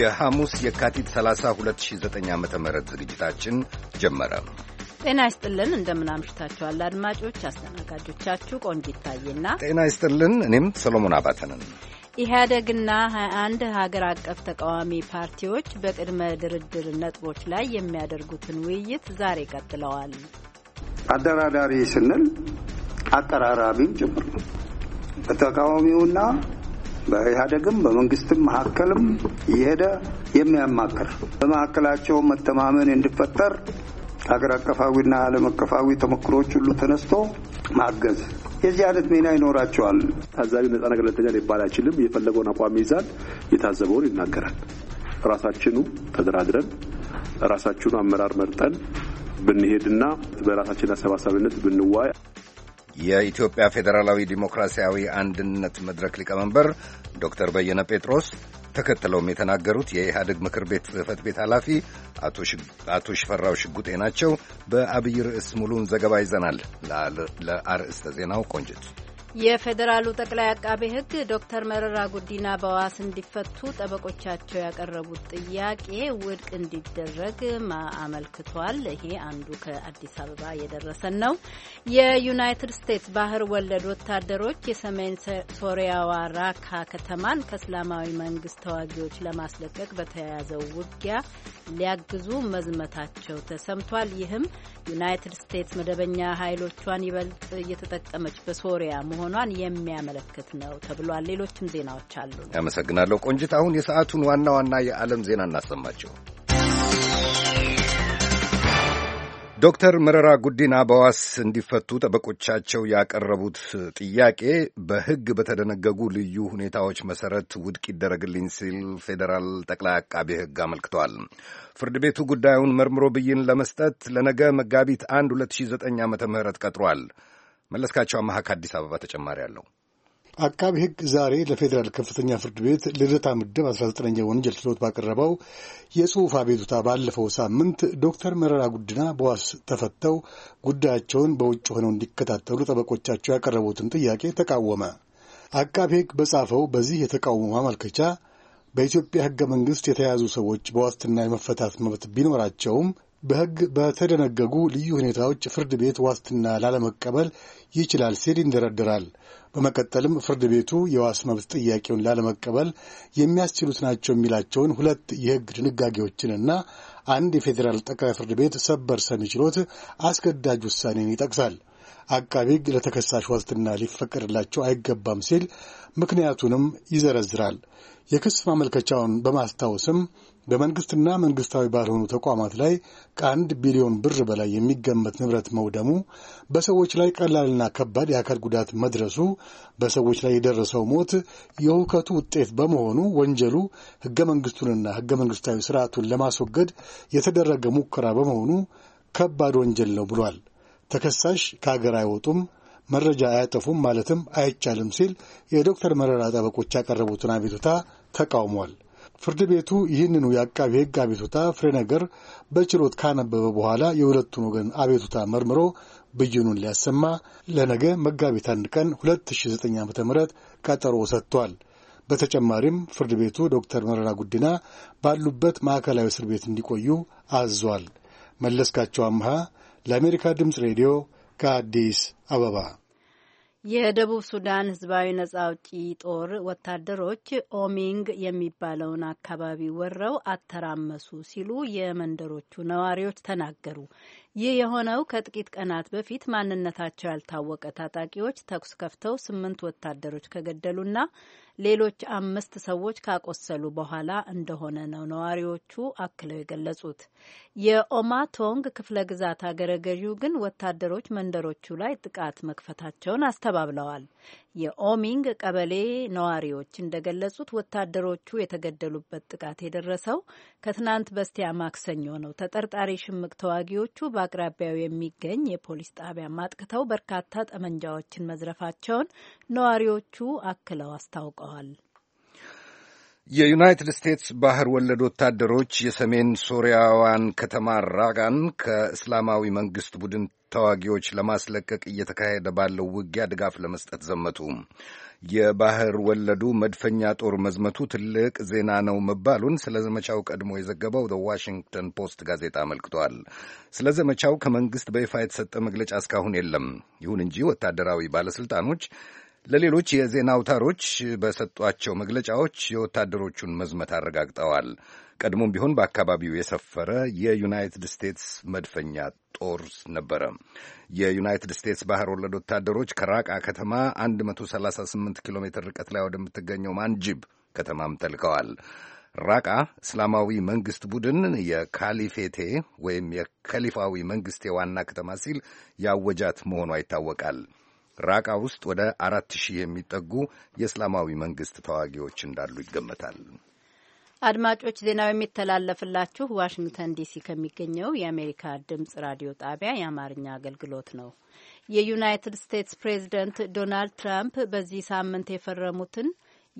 የሐሙስ የካቲት 30 2009 ዓ ም ዝግጅታችን ጀመረ። ጤና ይስጥልን፣ እንደምናምሽታችኋል አድማጮች። አስተናጋጆቻችሁ ቆንጅ ይታየና፣ ጤና ይስጥልን፣ እኔም ሰሎሞን አባተንን። ኢህአደግና 21 ሀገር አቀፍ ተቃዋሚ ፓርቲዎች በቅድመ ድርድር ነጥቦች ላይ የሚያደርጉትን ውይይት ዛሬ ቀጥለዋል። አደራዳሪ ስንል አቀራራቢም ጭምር ነው። በተቃዋሚውና በኢህአደግም በመንግስትም መካከልም የሄደ የሚያማክር በመካከላቸው መተማመን እንዲፈጠር ሀገር አቀፋዊና ዓለም አቀፋዊ ተሞክሮች ሁሉ ተነስቶ ማገዝ የዚህ አይነት ሚና ይኖራቸዋል። ታዛቢ ነጻና ገለልተኛ ሊባል አይችልም። የፈለገውን አቋም ይዛል፣ የታዘበውን ይናገራል። ራሳችኑ ተደራድረን ራሳችኑ አመራር መርጠን ብንሄድና በራሳችን አሰባሳቢነት ብንዋይ የኢትዮጵያ ፌዴራላዊ ዲሞክራሲያዊ አንድነት መድረክ ሊቀመንበር ዶክተር በየነ ጴጥሮስ ተከትለውም የተናገሩት የኢህአዴግ ምክር ቤት ጽህፈት ቤት ኃላፊ አቶ ሽፈራው ሽጉጤ ናቸው። በአብይ ርዕስ ሙሉን ዘገባ ይዘናል። ለአርዕስተ ዜናው ቆንጅት የፌዴራሉ ጠቅላይ አቃቤ ሕግ ዶክተር መረራ ጉዲና በዋስ እንዲፈቱ ጠበቆቻቸው ያቀረቡት ጥያቄ ውድቅ እንዲደረግ አመልክቷል። ይሄ አንዱ ከአዲስ አበባ የደረሰን ነው። የዩናይትድ ስቴትስ ባህር ወለድ ወታደሮች የሰሜን ሶሪያዋ ራካ ከተማን ከእስላማዊ መንግስት ተዋጊዎች ለማስለቀቅ በተያያዘው ውጊያ ሊያግዙ መዝመታቸው ተሰምቷል። ይህም ዩናይትድ ስቴትስ መደበኛ ኃይሎቿን ይበልጥ እየተጠቀመች በሶሪያ መሆኗን የሚያመለክት ነው ተብሏል። ሌሎችም ዜናዎች አሉ። አመሰግናለሁ ቆንጅት። አሁን የሰዓቱን ዋና ዋና የዓለም ዜና እናሰማቸው። ዶክተር መረራ ጉዲና በዋስ እንዲፈቱ ጠበቆቻቸው ያቀረቡት ጥያቄ በሕግ በተደነገጉ ልዩ ሁኔታዎች መሠረት ውድቅ ይደረግልኝ ሲል ፌዴራል ጠቅላይ አቃቤ ሕግ አመልክቷል። ፍርድ ቤቱ ጉዳዩን መርምሮ ብይን ለመስጠት ለነገ መጋቢት 1 2009 ዓ ም ቀጥሯል። መለስካቸው አመሀ ከአዲስ አበባ ተጨማሪ አለው። አቃቢ ሕግ ዛሬ ለፌዴራል ከፍተኛ ፍርድ ቤት ልደታ ምድብ 19ኛ ወንጀል ችሎት ባቀረበው የጽሑፍ አቤቱታ ባለፈው ሳምንት ዶክተር መረራ ጉዲና በዋስ ተፈተው ጉዳያቸውን በውጭ ሆነው እንዲከታተሉ ጠበቆቻቸው ያቀረቡትን ጥያቄ ተቃወመ። አቃቢ ሕግ በጻፈው በዚህ የተቃውሞ ማመልከቻ በኢትዮጵያ ሕገ መንግሥት የተያዙ ሰዎች በዋስትና የመፈታት መብት ቢኖራቸውም በሕግ በተደነገጉ ልዩ ሁኔታዎች ፍርድ ቤት ዋስትና ላለመቀበል ይችላል ሲል ይንደረደራል። በመቀጠልም ፍርድ ቤቱ የዋስ መብት ጥያቄውን ላለመቀበል የሚያስችሉት ናቸው የሚላቸውን ሁለት የሕግ ድንጋጌዎችንና አንድ የፌዴራል ጠቅላይ ፍርድ ቤት ሰበር ሰሚ ችሎት አስገዳጅ ውሳኔን ይጠቅሳል። አቃቢ ሕግ ለተከሳሽ ዋስትና ሊፈቀድላቸው አይገባም ሲል ምክንያቱንም ይዘረዝራል። የክስ ማመልከቻውን በማስታወስም በመንግስትና መንግስታዊ ባልሆኑ ተቋማት ላይ ከአንድ ቢሊዮን ብር በላይ የሚገመት ንብረት መውደሙ፣ በሰዎች ላይ ቀላልና ከባድ የአካል ጉዳት መድረሱ፣ በሰዎች ላይ የደረሰው ሞት የሁከቱ ውጤት በመሆኑ ወንጀሉ ህገ መንግስቱንና ህገ መንግስታዊ ስርዓቱን ለማስወገድ የተደረገ ሙከራ በመሆኑ ከባድ ወንጀል ነው ብሏል። ተከሳሽ ከሀገር አይወጡም መረጃ አያጠፉም ማለትም አይቻልም ሲል የዶክተር መረራ ጠበቆች ያቀረቡትን አቤቱታ ተቃውሟል። ፍርድ ቤቱ ይህንኑ የአቃቢ ሕግ አቤቱታ ፍሬ ነገር በችሎት ካነበበ በኋላ የሁለቱን ወገን አቤቱታ መርምሮ ብይኑን ሊያሰማ ለነገ መጋቢት አንድ ቀን 2009 ዓ ም ቀጠሮ ሰጥቷል። በተጨማሪም ፍርድ ቤቱ ዶክተር መረራ ጉዲና ባሉበት ማዕከላዊ እስር ቤት እንዲቆዩ አዟል። መለስካቸው አምሃ ለአሜሪካ ድምፅ ሬዲዮ ከአዲስ አበባ የደቡብ ሱዳን ህዝባዊ ነጻ አውጪ ጦር ወታደሮች ኦሚንግ የሚባለውን አካባቢ ወረው አተራመሱ ሲሉ የመንደሮቹ ነዋሪዎች ተናገሩ። ይህ የሆነው ከጥቂት ቀናት በፊት ማንነታቸው ያልታወቀ ታጣቂዎች ተኩስ ከፍተው ስምንት ወታደሮች ከገደሉና ሌሎች አምስት ሰዎች ካቆሰሉ በኋላ እንደሆነ ነው ነዋሪዎቹ አክለው የገለጹት። የኦማቶንግ ክፍለ ግዛት አገረ ገዢው ግን ወታደሮች መንደሮቹ ላይ ጥቃት መክፈታቸውን አስተባብለዋል። የኦሚንግ ቀበሌ ነዋሪዎች እንደገለጹት ወታደሮቹ የተገደሉበት ጥቃት የደረሰው ከትናንት በስቲያ ማክሰኞ ነው። ተጠርጣሪ ሽምቅ ተዋጊዎቹ በአቅራቢያው የሚገኝ የፖሊስ ጣቢያ ማጥቅተው በርካታ ጠመንጃዎችን መዝረፋቸውን ነዋሪዎቹ አክለው አስታውቀዋል። ገልጸዋል። የዩናይትድ ስቴትስ ባህር ወለድ ወታደሮች የሰሜን ሶሪያዋን ከተማ ራጋን ከእስላማዊ መንግሥት ቡድን ተዋጊዎች ለማስለቀቅ እየተካሄደ ባለው ውጊያ ድጋፍ ለመስጠት ዘመቱ። የባህር ወለዱ መድፈኛ ጦር መዝመቱ ትልቅ ዜና ነው መባሉን ስለ ዘመቻው ቀድሞ የዘገበው ዘ ዋሽንግተን ፖስት ጋዜጣ አመልክቷል። ስለ ዘመቻው ከመንግሥት በይፋ የተሰጠ መግለጫ እስካሁን የለም። ይሁን እንጂ ወታደራዊ ባለሥልጣኖች ለሌሎች የዜና አውታሮች በሰጧቸው መግለጫዎች የወታደሮቹን መዝመት አረጋግጠዋል። ቀድሞም ቢሆን በአካባቢው የሰፈረ የዩናይትድ ስቴትስ መድፈኛ ጦር ነበረ። የዩናይትድ ስቴትስ ባህር ወለድ ወታደሮች ከራቃ ከተማ 138 ኪሎ ሜትር ርቀት ላይ ወደምትገኘው ማንጅብ ከተማም ተልከዋል። ራቃ እስላማዊ መንግስት ቡድን የካሊፌቴ ወይም የከሊፋዊ መንግስት የዋና ከተማ ሲል ያወጃት መሆኗ ይታወቃል። ራቃ ውስጥ ወደ አራት ሺህ የሚጠጉ የእስላማዊ መንግስት ተዋጊዎች እንዳሉ ይገመታል። አድማጮች ዜናው የሚተላለፍላችሁ ዋሽንግተን ዲሲ ከሚገኘው የአሜሪካ ድምጽ ራዲዮ ጣቢያ የአማርኛ አገልግሎት ነው። የዩናይትድ ስቴትስ ፕሬዚደንት ዶናልድ ትራምፕ በዚህ ሳምንት የፈረሙትን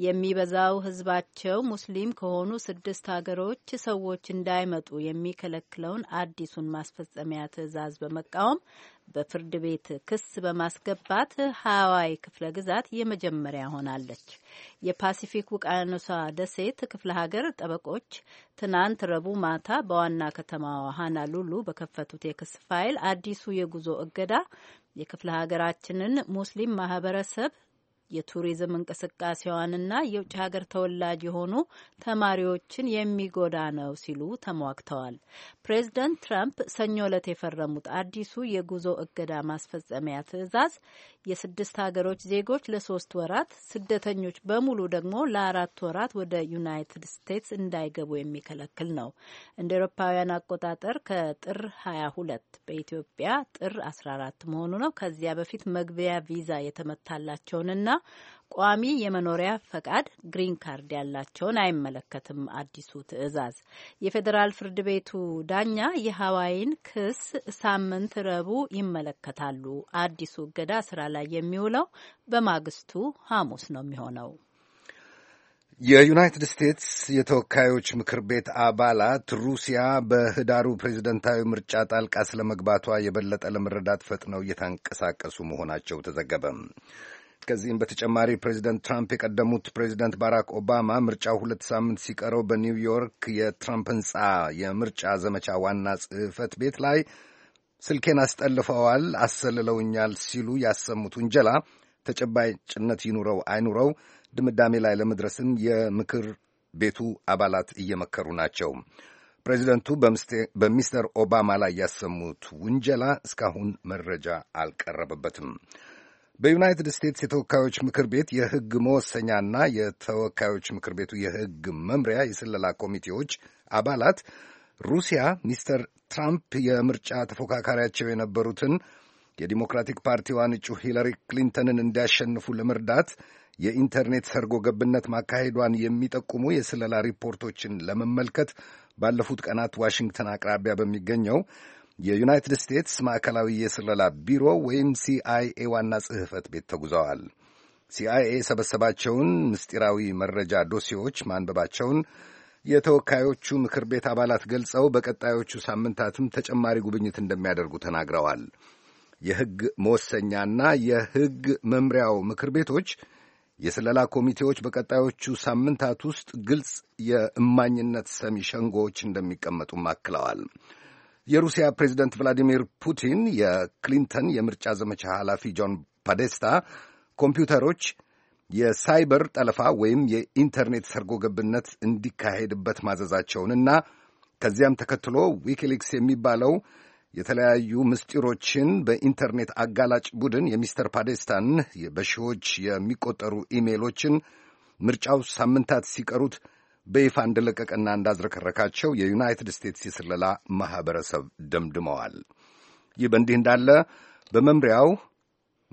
የሚበዛው ህዝባቸው ሙስሊም ከሆኑ ስድስት ሀገሮች ሰዎች እንዳይመጡ የሚከለክለውን አዲሱን ማስፈጸሚያ ትዕዛዝ በመቃወም በፍርድ ቤት ክስ በማስገባት ሀዋይ ክፍለ ግዛት የመጀመሪያ ሆናለች። የፓሲፊክ ውቅያኖሷ ደሴት ክፍለ ሀገር ጠበቆች ትናንት ረቡዕ ማታ በዋና ከተማዋ ሉሉ በከፈቱት የክስ ፋይል አዲሱ የጉዞ እገዳ የክፍለ ሀገራችንን ሙስሊም ማህበረሰብ የቱሪዝም እንቅስቃሴዋንና የውጭ ሀገር ተወላጅ የሆኑ ተማሪዎችን የሚጎዳ ነው ሲሉ ተሟግተዋል። ፕሬዚደንት ትራምፕ ሰኞ ዕለት የፈረሙት አዲሱ የጉዞ እገዳ ማስፈጸሚያ ትዕዛዝ የስድስት ሀገሮች ዜጎች ለሶስት ወራት ስደተኞች በሙሉ ደግሞ ለአራት ወራት ወደ ዩናይትድ ስቴትስ እንዳይገቡ የሚከለክል ነው። እንደ ኤሮፓውያን አቆጣጠር ከጥር 22 በኢትዮጵያ ጥር 14 መሆኑ ነው። ከዚያ በፊት መግቢያ ቪዛ የተመታላቸውንና ቋሚ የመኖሪያ ፈቃድ ግሪን ካርድ ያላቸውን አይመለከትም አዲሱ ትዕዛዝ። የፌዴራል ፍርድ ቤቱ ዳኛ የሀዋይን ክስ ሳምንት ረቡዕ ይመለከታሉ። አዲሱ እገዳ ስራ ላይ የሚውለው በማግስቱ ሐሙስ ነው የሚሆነው። የዩናይትድ ስቴትስ የተወካዮች ምክር ቤት አባላት ሩሲያ በህዳሩ ፕሬዚደንታዊ ምርጫ ጣልቃ ስለመግባቷ የበለጠ ለመረዳት ፈጥነው እየተንቀሳቀሱ መሆናቸው ተዘገበም። ከዚህም በተጨማሪ ፕሬዚደንት ትራምፕ የቀደሙት ፕሬዚደንት ባራክ ኦባማ ምርጫው ሁለት ሳምንት ሲቀረው በኒውዮርክ የትራምፕ ህንፃ የምርጫ ዘመቻ ዋና ጽሕፈት ቤት ላይ ስልኬን አስጠልፈዋል፣ አሰልለውኛል ሲሉ ያሰሙት ውንጀላ ተጨባጭነት ይኑረው አይኑረው ድምዳሜ ላይ ለመድረስም የምክር ቤቱ አባላት እየመከሩ ናቸው። ፕሬዚደንቱ በሚስተር ኦባማ ላይ ያሰሙት ውንጀላ እስካሁን መረጃ አልቀረበበትም። በዩናይትድ ስቴትስ የተወካዮች ምክር ቤት የሕግ መወሰኛና የተወካዮች ምክር ቤቱ የሕግ መምሪያ የስለላ ኮሚቴዎች አባላት ሩሲያ ሚስተር ትራምፕ የምርጫ ተፎካካሪያቸው የነበሩትን የዲሞክራቲክ ፓርቲዋን እጩ ሂለሪ ክሊንተንን እንዲያሸንፉ ለመርዳት የኢንተርኔት ሰርጎ ገብነት ማካሄዷን የሚጠቁሙ የስለላ ሪፖርቶችን ለመመልከት ባለፉት ቀናት ዋሽንግተን አቅራቢያ በሚገኘው የዩናይትድ ስቴትስ ማዕከላዊ የስለላ ቢሮ ወይም ሲአይኤ ዋና ጽሕፈት ቤት ተጉዘዋል። ሲአይኤ የሰበሰባቸውን ምስጢራዊ መረጃ ዶሴዎች ማንበባቸውን የተወካዮቹ ምክር ቤት አባላት ገልጸው በቀጣዮቹ ሳምንታትም ተጨማሪ ጉብኝት እንደሚያደርጉ ተናግረዋል። የሕግ መወሰኛና የሕግ መምሪያው ምክር ቤቶች የስለላ ኮሚቴዎች በቀጣዮቹ ሳምንታት ውስጥ ግልጽ የእማኝነት ሰሚ ሸንጎዎች እንደሚቀመጡም አክለዋል። የሩሲያ ፕሬዚደንት ቭላዲሚር ፑቲን የክሊንተን የምርጫ ዘመቻ ኃላፊ ጆን ፓዴስታ ኮምፒውተሮች የሳይበር ጠለፋ ወይም የኢንተርኔት ሰርጎ ገብነት እንዲካሄድበት ማዘዛቸውንና ከዚያም ተከትሎ ዊኪሊክስ የሚባለው የተለያዩ ምስጢሮችን በኢንተርኔት አጋላጭ ቡድን የሚስተር ፓዴስታን በሺዎች የሚቆጠሩ ኢሜሎችን ምርጫው ሳምንታት ሲቀሩት በይፋ እንደለቀቀና እንዳዝረከረካቸው የዩናይትድ ስቴትስ የስለላ ማኅበረሰብ ደምድመዋል። ይህ በእንዲህ እንዳለ በመምሪያው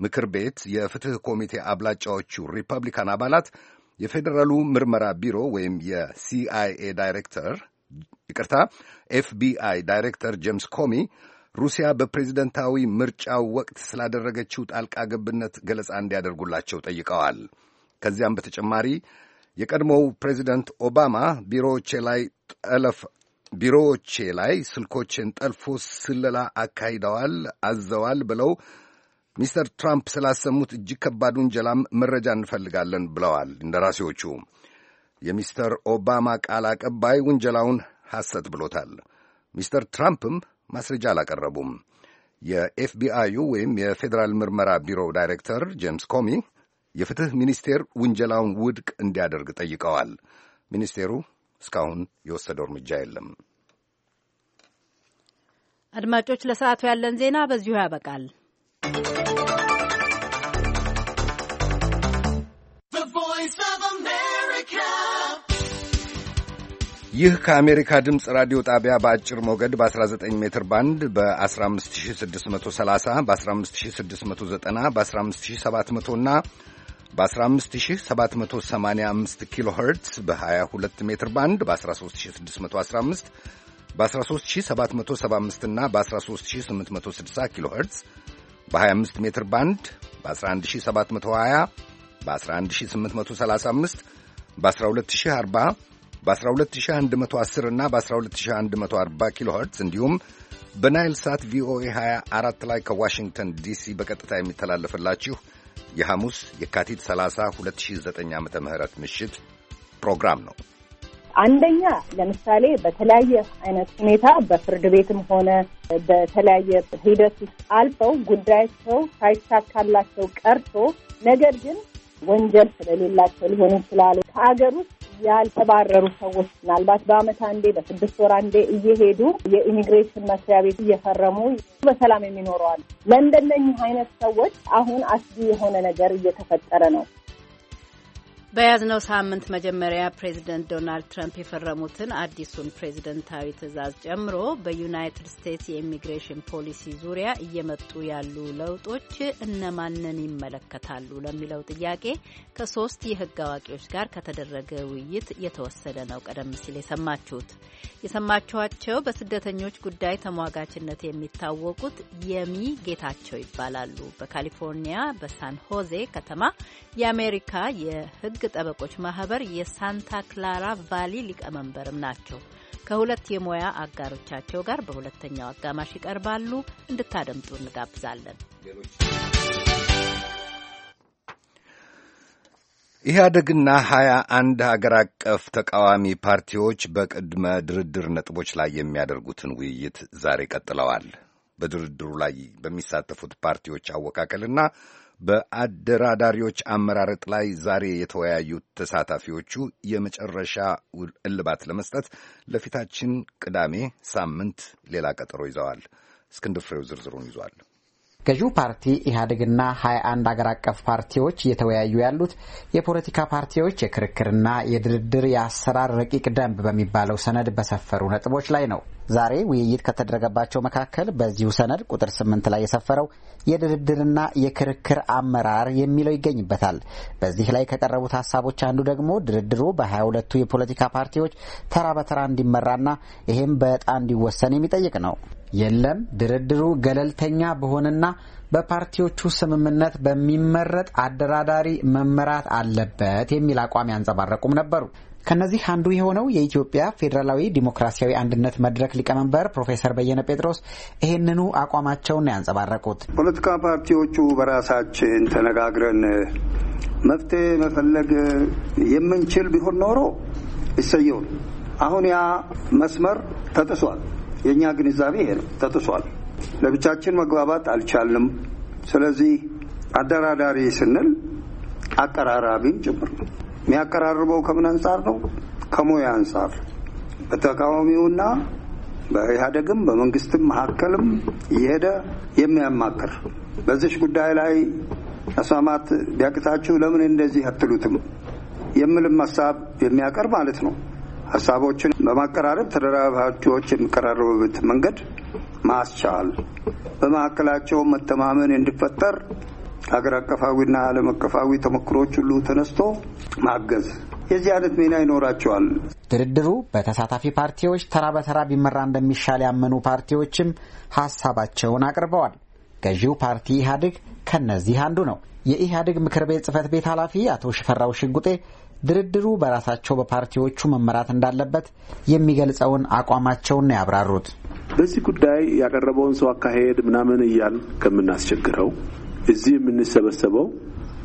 ምክር ቤት የፍትሕ ኮሚቴ አብላጫዎቹ ሪፐብሊካን አባላት የፌዴራሉ ምርመራ ቢሮ ወይም የሲአይኤ ዳይሬክተር ይቅርታ፣ ኤፍቢአይ ዳይሬክተር ጄምስ ኮሚ ሩሲያ በፕሬዝደንታዊ ምርጫው ወቅት ስላደረገችው ጣልቃ ገብነት ገለጻ እንዲያደርጉላቸው ጠይቀዋል። ከዚያም በተጨማሪ የቀድሞው ፕሬዚደንት ኦባማ ቢሮዎቼ ላይ ጠለፍ ቢሮዎቼ ላይ ስልኮችን ጠልፎ ስለላ አካሂደዋል፣ አዘዋል ብለው ሚስተር ትራምፕ ስላሰሙት እጅግ ከባድ ውንጀላም መረጃ እንፈልጋለን ብለዋል እንደራሴዎቹ። የሚስተር ኦባማ ቃል አቀባይ ውንጀላውን ሐሰት ብሎታል። ሚስተር ትራምፕም ማስረጃ አላቀረቡም። የኤፍቢአዩ ወይም የፌዴራል ምርመራ ቢሮው ዳይሬክተር ጄምስ ኮሚ የፍትህ ሚኒስቴር ውንጀላውን ውድቅ እንዲያደርግ ጠይቀዋል። ሚኒስቴሩ እስካሁን የወሰደው እርምጃ የለም። አድማጮች፣ ለሰዓቱ ያለን ዜና በዚሁ ያበቃል። ይህ ከአሜሪካ ድምፅ ራዲዮ ጣቢያ በአጭር ሞገድ በ19 ሜትር ባንድ በ15630 በ15690 በ15700 እና በ15785 ኪሎ ኸርትዝ በ22 ሜትር ባንድ በ13615 በ13775 እና በ13860 ኪሎ ኸርትዝ በ25 ሜትር ባንድ በ11720 በ11835 በ12040 በ12110 እና በ12140 ኪሎ ኸርትዝ እንዲሁም በናይል ሳት ቪኦኤ 24 ላይ ከዋሽንግተን ዲሲ በቀጥታ የሚተላለፍላችሁ የሐሙስ የካቲት 30 2009 ዓ ም ምሽት ፕሮግራም ነው። አንደኛ ለምሳሌ በተለያየ አይነት ሁኔታ በፍርድ ቤትም ሆነ በተለያየ ሂደት ውስጥ አልፈው ጉዳያቸው ሳይሳካላቸው ቀርቶ ነገር ግን ወንጀል ስለሌላቸው ሊሆን ይችላሉ ከሀገር ውስጥ ያልተባረሩ ሰዎች ምናልባት በአመት አንዴ በስድስት ወር አንዴ እየሄዱ የኢሚግሬሽን መስሪያ ቤት እየፈረሙ በሰላም የሚኖረዋል። ለእንደነኚህ አይነት ሰዎች አሁን አስጊ የሆነ ነገር እየተፈጠረ ነው። በያዝነው ሳምንት መጀመሪያ ፕሬዚደንት ዶናልድ ትራምፕ የፈረሙትን አዲሱን ፕሬዚደንታዊ ትዕዛዝ ጨምሮ በዩናይትድ ስቴትስ የኢሚግሬሽን ፖሊሲ ዙሪያ እየመጡ ያሉ ለውጦች እነማንን ይመለከታሉ ለሚለው ጥያቄ ከሶስት የሕግ አዋቂዎች ጋር ከተደረገ ውይይት የተወሰደ ነው። ቀደም ሲል የሰማችሁት የሰማችኋቸው በስደተኞች ጉዳይ ተሟጋችነት የሚታወቁት የሚ ጌታቸው ይባላሉ። በካሊፎርኒያ በሳን ሆዜ ከተማ የአሜሪካ የሕግ ጠበቆች ማህበር የሳንታ ክላራ ቫሊ ሊቀመንበርም ናቸው። ከሁለት የሙያ አጋሮቻቸው ጋር በሁለተኛው አጋማሽ ይቀርባሉ። እንድታደምጡ እንጋብዛለን። ኢህአደግና ሀያ አንድ ሀገር አቀፍ ተቃዋሚ ፓርቲዎች በቅድመ ድርድር ነጥቦች ላይ የሚያደርጉትን ውይይት ዛሬ ቀጥለዋል። በድርድሩ ላይ በሚሳተፉት ፓርቲዎች አወካከልና በአደራዳሪዎች አመራረጥ ላይ ዛሬ የተወያዩት ተሳታፊዎቹ የመጨረሻ እልባት ለመስጠት ለፊታችን ቅዳሜ ሳምንት ሌላ ቀጠሮ ይዘዋል። እስክንድር ፍሬው ዝርዝሩን ይዟል። ገዢው ፓርቲ ኢህአዴግና ሀያ አንድ አገር አቀፍ ፓርቲዎች እየተወያዩ ያሉት የፖለቲካ ፓርቲዎች የክርክርና የድርድር የአሰራር ረቂቅ ደንብ በሚባለው ሰነድ በሰፈሩ ነጥቦች ላይ ነው። ዛሬ ውይይት ከተደረገባቸው መካከል በዚሁ ሰነድ ቁጥር ስምንት ላይ የሰፈረው የድርድርና የክርክር አመራር የሚለው ይገኝበታል። በዚህ ላይ ከቀረቡት ሀሳቦች አንዱ ደግሞ ድርድሩ በሀያ ሁለቱ የፖለቲካ ፓርቲዎች ተራ በተራ እንዲመራና ይህም በእጣ እንዲወሰን የሚጠይቅ ነው። የለም ድርድሩ ገለልተኛ በሆነና በፓርቲዎቹ ስምምነት በሚመረጥ አደራዳሪ መመራት አለበት የሚል አቋም ያንጸባረቁም ነበሩ። ከነዚህ አንዱ የሆነው የኢትዮጵያ ፌዴራላዊ ዲሞክራሲያዊ አንድነት መድረክ ሊቀመንበር ፕሮፌሰር በየነ ጴጥሮስ ይህንኑ አቋማቸውን ያንጸባረቁት ፖለቲካ ፓርቲዎቹ በራሳችን ተነጋግረን መፍትሄ መፈለግ የምንችል ቢሆን ኖሮ ይሰየውን። አሁን ያ መስመር ተጥሷል። የእኛ ግንዛቤ ይሄ ነው። ተጥሷል። ለብቻችን መግባባት አልቻልንም። ስለዚህ አደራዳሪ ስንል አቀራራቢም ጭምር ነው። የሚያቀራርበው ከምን አንጻር ነው? ከሙያ አንጻር በተቃዋሚውና በኢህአደግም በመንግስትም መካከልም እየሄደ የሚያማክር በዚህ ጉዳይ ላይ መስማማት ቢያቅታችሁ ለምን እንደዚህ አትሉትም የምልም ሀሳብ የሚያቀርብ ማለት ነው። ሀሳቦችን በማቀራረብ ተደራባሪዎች የሚቀራረቡበት መንገድ ማስቻል፣ በመካከላቸው መተማመን እንዲፈጠር ሀገር አቀፋዊና ዓለም አቀፋዊ ተሞክሮች ሁሉ ተነስቶ ማገዝ የዚህ አይነት ሚና ይኖራቸዋል። ድርድሩ በተሳታፊ ፓርቲዎች ተራ በተራ ቢመራ እንደሚሻል ያመኑ ፓርቲዎችም ሀሳባቸውን አቅርበዋል። ገዢው ፓርቲ ኢህአዴግ ከነዚህ አንዱ ነው። የኢህአዴግ ምክር ቤት ጽህፈት ቤት ኃላፊ አቶ ሽፈራው ሽጉጤ ድርድሩ በራሳቸው በፓርቲዎቹ መመራት እንዳለበት የሚገልጸውን አቋማቸውን ነው ያብራሩት። በዚህ ጉዳይ ያቀረበውን ሰው አካሄድ ምናምን እያል ከምናስቸግረው እዚህ የምንሰበሰበው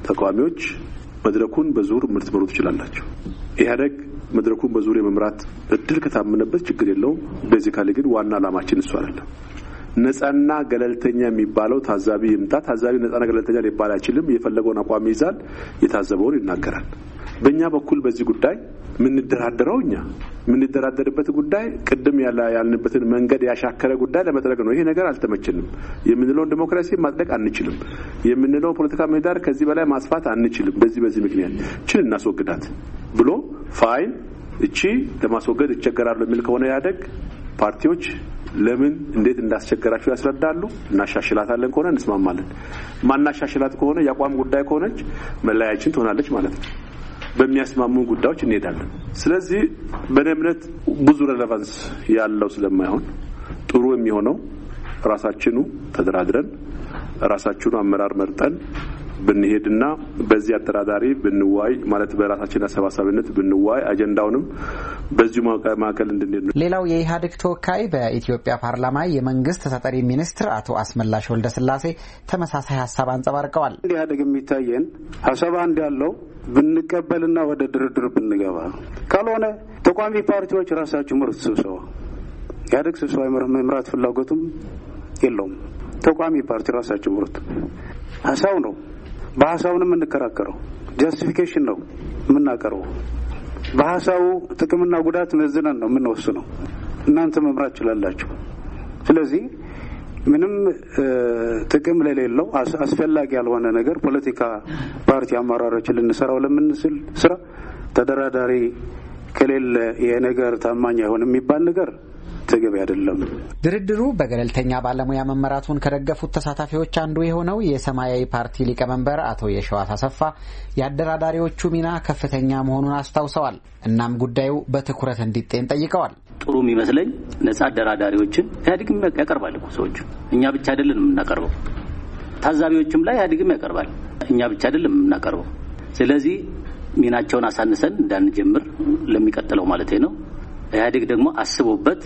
ተቃዋሚዎች መድረኩን በዙር ልትመሩ ትችላላቸው ኢህአዴግ መድረኩን በዙር የመምራት እድል ከታመነበት ችግር የለውም። ቤዚካሊ ግን ዋና አላማችን እሱ አይደለም። ነጻና ገለልተኛ የሚባለው ታዛቢ ይምጣ። ታዛቢ ነጻና ገለልተኛ ሊባል አይችልም። የፈለገውን አቋም ይይዛል፣ የታዘበውን ይናገራል። በእኛ በኩል በዚህ ጉዳይ የምንደራደረው እኛ የምንደራደርበት ጉዳይ ቅድም ያልንበትን መንገድ ያሻከረ ጉዳይ ለመጥረግ ነው። ይሄ ነገር አልተመችንም የምንለውን ዲሞክራሲ ማጥለቅ አንችልም የምንለውን ፖለቲካ ምህዳር ከዚህ በላይ ማስፋት አንችልም፣ በዚህ በዚህ ምክንያት ችን እናስወግዳት ብሎ ፋይን እቺ ለማስወገድ ይቸገራሉ የሚል ከሆነ ያደግ ፓርቲዎች ለምን እንዴት እንዳስቸገራቸው ያስረዳሉ። እናሻሽላታለን ከሆነ እንስማማለን። ማናሻሽላት ከሆነ የአቋም ጉዳይ ከሆነች መለያችን ትሆናለች ማለት ነው። በሚያስማሙ ጉዳዮች እንሄዳለን። ስለዚህ በእኔ እምነት ብዙ ሬለቫንስ ያለው ስለማይሆን ጥሩ የሚሆነው ራሳችኑ ተደራድረን ራሳችኑ አመራር መርጠን ብንሄድና በዚህ አደራዳሪ ብንዋይ ማለት በራሳችን አሰባሳቢነት ብንዋይ አጀንዳውንም በዚሁ ማዕከል እንድንሄድ ነው። ሌላው የኢህአዴግ ተወካይ በኢትዮጵያ ፓርላማ የመንግስት ተጠሪ ሚኒስትር አቶ አስመላሽ ወልደስላሴ ተመሳሳይ ሀሳብ አንጸባርቀዋል። ኢህአዴግ የሚታየን ሀሳብ አንድ ያለው ብንቀበልና ወደ ድርድር ብንገባ ካልሆነ ተቋሚ ፓርቲዎች ራሳቸው ምርት ስብሰባ ኢህአዴግ ስብሰባ መምራት ፍላጎቱም የለውም። ተቋሚ ፓርቲ ራሳቸው ምርት ሀሳብ ነው በሀሳብ ነው የምንከራከረው። ጀስቲፊኬሽን ነው የምናቀርበው። በሀሳቡ ጥቅምና ጉዳት መዝነን ነው የምንወስነው። እናንተ መምራት ችላላችሁ። ስለዚህ ምንም ጥቅም ለሌለው አስፈላጊ ያልሆነ ነገር ፖለቲካ ፓርቲ አመራሮች ልንሰራው ለምንስል ስራ ተደራዳሪ ከሌለ ይሄ ነገር ታማኝ አይሆንም የሚባል ነገር ተገቢ አይደለም። ድርድሩ በገለልተኛ ባለሙያ መመራቱን ከደገፉት ተሳታፊዎች አንዱ የሆነው የሰማያዊ ፓርቲ ሊቀመንበር አቶ የሸዋት አሰፋ የአደራዳሪዎቹ ሚና ከፍተኛ መሆኑን አስታውሰዋል። እናም ጉዳዩ በትኩረት እንዲጤን ጠይቀዋል። ጥሩ የሚመስለኝ ነጻ አደራዳሪዎችን ኢህአዴግም ያቀርባል እኮ ሰዎች፣ እኛ ብቻ አይደለን የምናቀርበው። ታዛቢዎችም ላይ ኢህአዴግም ያቀርባል፣ እኛ ብቻ አይደለም የምናቀርበው። ስለዚህ ሚናቸውን አሳንሰን እንዳንጀምር ለሚቀጥለው ማለት ነው። ኢህአዴግ ደግሞ አስቦበት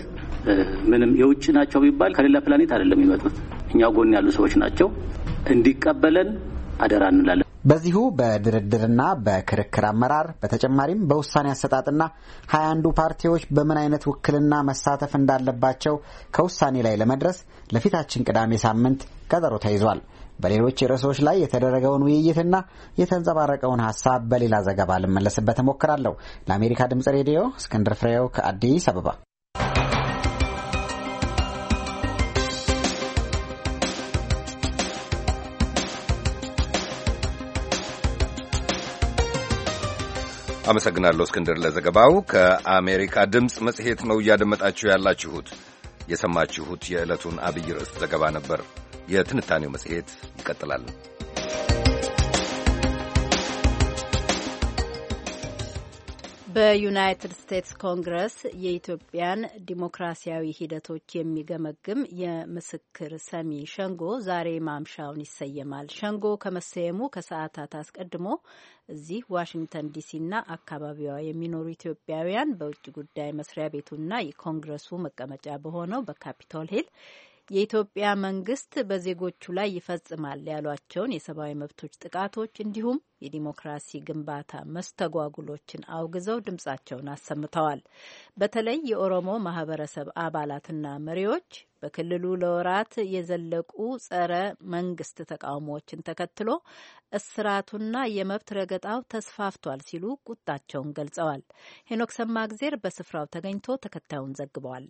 ምንም የውጭ ናቸው ቢባል ከሌላ ፕላኔት አይደለም የሚመጡት፣ እኛ ጎን ያሉ ሰዎች ናቸው። እንዲቀበለን አደራ እንላለን። በዚሁ በድርድርና በክርክር አመራር በተጨማሪም በውሳኔ አሰጣጥና ሀያ አንዱ ፓርቲዎች በምን አይነት ውክልና መሳተፍ እንዳለባቸው ከውሳኔ ላይ ለመድረስ ለፊታችን ቅዳሜ ሳምንት ቀጠሮ ተይዟል። በሌሎች ርዕሶች ላይ የተደረገውን ውይይትና የተንጸባረቀውን ሀሳብ በሌላ ዘገባ ልመለስበት እሞክራለሁ። ለአሜሪካ ድምጽ ሬዲዮ እስክንድር ፍሬው ከአዲስ አበባ አመሰግናለሁ እስክንድር ለዘገባው። ከአሜሪካ ድምፅ መጽሔት ነው እያደመጣችሁ ያላችሁት። የሰማችሁት የዕለቱን አብይ ርዕስ ዘገባ ነበር። የትንታኔው መጽሔት ይቀጥላል። በዩናይትድ ስቴትስ ኮንግረስ የኢትዮጵያን ዲሞክራሲያዊ ሂደቶች የሚገመግም የምስክር ሰሚ ሸንጎ ዛሬ ማምሻውን ይሰየማል። ሸንጎ ከመሰየሙ ከሰዓታት አስቀድሞ እዚህ ዋሽንግተን ዲሲና አካባቢዋ የሚኖሩ ኢትዮጵያውያን በውጭ ጉዳይ መስሪያ ቤቱና የኮንግረሱ መቀመጫ በሆነው በካፒቶል ሂል የኢትዮጵያ መንግስት በዜጎቹ ላይ ይፈጽማል ያሏቸውን የሰብአዊ መብቶች ጥቃቶች እንዲሁም የዲሞክራሲ ግንባታ መስተጓጉሎችን አውግዘው ድምጻቸውን አሰምተዋል። በተለይ የኦሮሞ ማህበረሰብ አባላትና መሪዎች በክልሉ ለወራት የዘለቁ ጸረ መንግስት ተቃውሞዎችን ተከትሎ እስራቱና የመብት ረገጣው ተስፋፍቷል ሲሉ ቁጣቸውን ገልጸዋል። ሄኖክ ሰማእግዜር በስፍራው ተገኝቶ ተከታዩን ዘግበዋል።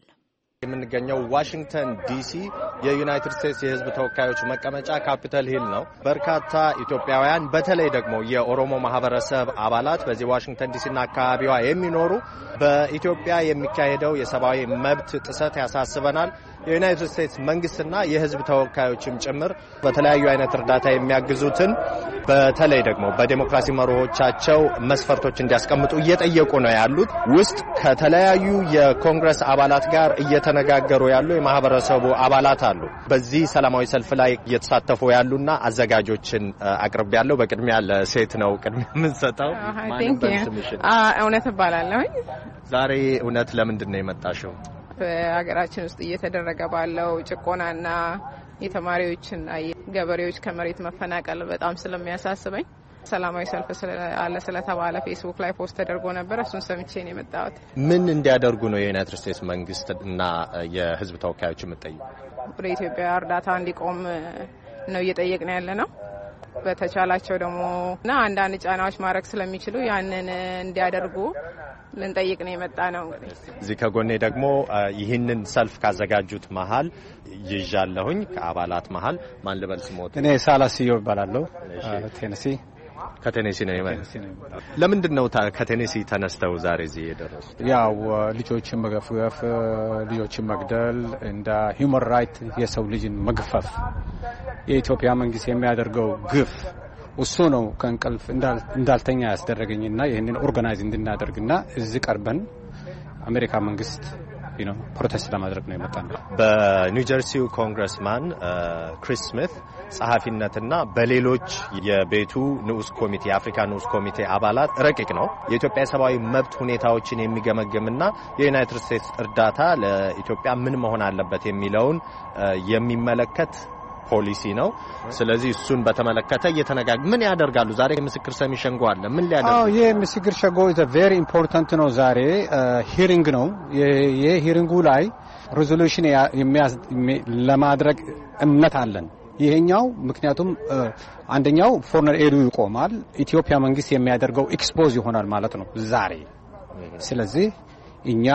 የምንገኘው ዋሽንግተን ዲሲ የዩናይትድ ስቴትስ የሕዝብ ተወካዮች መቀመጫ ካፒተል ሂል ነው። በርካታ ኢትዮጵያውያን በተለይ ደግሞ የኦሮሞ ማህበረሰብ አባላት በዚህ ዋሽንግተን ዲሲና አካባቢዋ የሚኖሩ በኢትዮጵያ የሚካሄደው የሰብአዊ መብት ጥሰት ያሳስበናል የዩናይትድ ስቴትስ መንግስትና የህዝብ ተወካዮችም ጭምር በተለያዩ አይነት እርዳታ የሚያግዙትን በተለይ ደግሞ በዴሞክራሲ መርሆቻቸው መስፈርቶች እንዲያስቀምጡ እየጠየቁ ነው ያሉት። ውስጥ ከተለያዩ የኮንግረስ አባላት ጋር እየተነጋገሩ ያሉ የማህበረሰቡ አባላት አሉ። በዚህ ሰላማዊ ሰልፍ ላይ እየተሳተፉ ያሉና አዘጋጆችን አቅርብ ያለው በቅድሚያ ለሴት ነው ቅድሚያ የምንሰጠው። እውነት እባላለሁኝ። ዛሬ እውነት ለምንድን ነው የመጣሽው? በሀገራችን ውስጥ እየተደረገ ባለው ጭቆናና የተማሪዎችና ገበሬዎች ከመሬት መፈናቀል በጣም ስለሚያሳስበኝ ሰላማዊ ሰልፍ አለ ስለተባለ ፌስቡክ ላይ ፖስት ተደርጎ ነበር። እሱን ሰምቼ ነው የመጣሁት። ምን እንዲያደርጉ ነው የዩናይትድ ስቴትስ መንግስት እና የህዝብ ተወካዮች የምጠይቁ? ወደ ኢትዮጵያ እርዳታ እንዲቆም ነው ነው ያለ ነው። በተቻላቸው ደግሞ እና አንዳንድ ጫናዎች ማድረግ ስለሚችሉ ያንን እንዲያደርጉ ልንጠይቅ ነው የመጣ ነው። እዚህ ከጎኔ ደግሞ ይህንን ሰልፍ ካዘጋጁት መሀል ይዣለሁኝ ከአባላት መሀል ማን ልበል ስሞት እኔ ሳላስዮ ይባላለሁ ቴነሲ ከቴኔሲ ነው የመጣ። ለምንድን ነው ከቴኔሲ ተነስተው ዛሬ እዚህ የደረሱ? ያው ልጆችን መገፍገፍ፣ ልጆችን መግደል እንደ ሂውማን ራይት የሰው ልጅን መግፈፍ የኢትዮጵያ መንግስት የሚያደርገው ግፍ እሱ ነው ከእንቅልፍ እንዳልተኛ ያስደረገኝና ይህንን ኦርጋናይዝ እንድናደርግና እዚህ ቀርበን አሜሪካ መንግስት ፕሮቴስት ለማድረግ ነው የመጣ ነው። በኒውጀርሲው ኮንግረስማን uh, ክሪስ ስሚት ጸሐፊነትና በሌሎች የቤቱ ንዑስ ኮሚቴ የአፍሪካ ንዑስ ኮሚቴ አባላት ረቂቅ ነው የኢትዮጵያ የሰብአዊ መብት ሁኔታዎችን የሚገመግምና የዩናይትድ ስቴትስ እርዳታ ለኢትዮጵያ ምን መሆን አለበት የሚለውን uh, የሚመለከት ፖሊሲ ነው። ስለዚህ እሱን በተመለከተ እየተነጋግ ምን ያደርጋሉ? ዛሬ የምስክር ሰሚ ሸንጎ አለ። ምን ሊያደርጉ? ይህ ምስክር ሸንጎ ቬሪ ኢምፖርታንት ነው። ዛሬ ሂሪንግ ነው። ይህ ሂሪንጉ ላይ ሬዞሉሽን ለማድረግ እምነት አለን። ይሄኛው ምክንያቱም አንደኛው ፎርነር ኤዱ ይቆማል። ኢትዮጵያ መንግስት የሚያደርገው ኤክስፖዝ ይሆናል ማለት ነው ዛሬ። ስለዚህ እኛ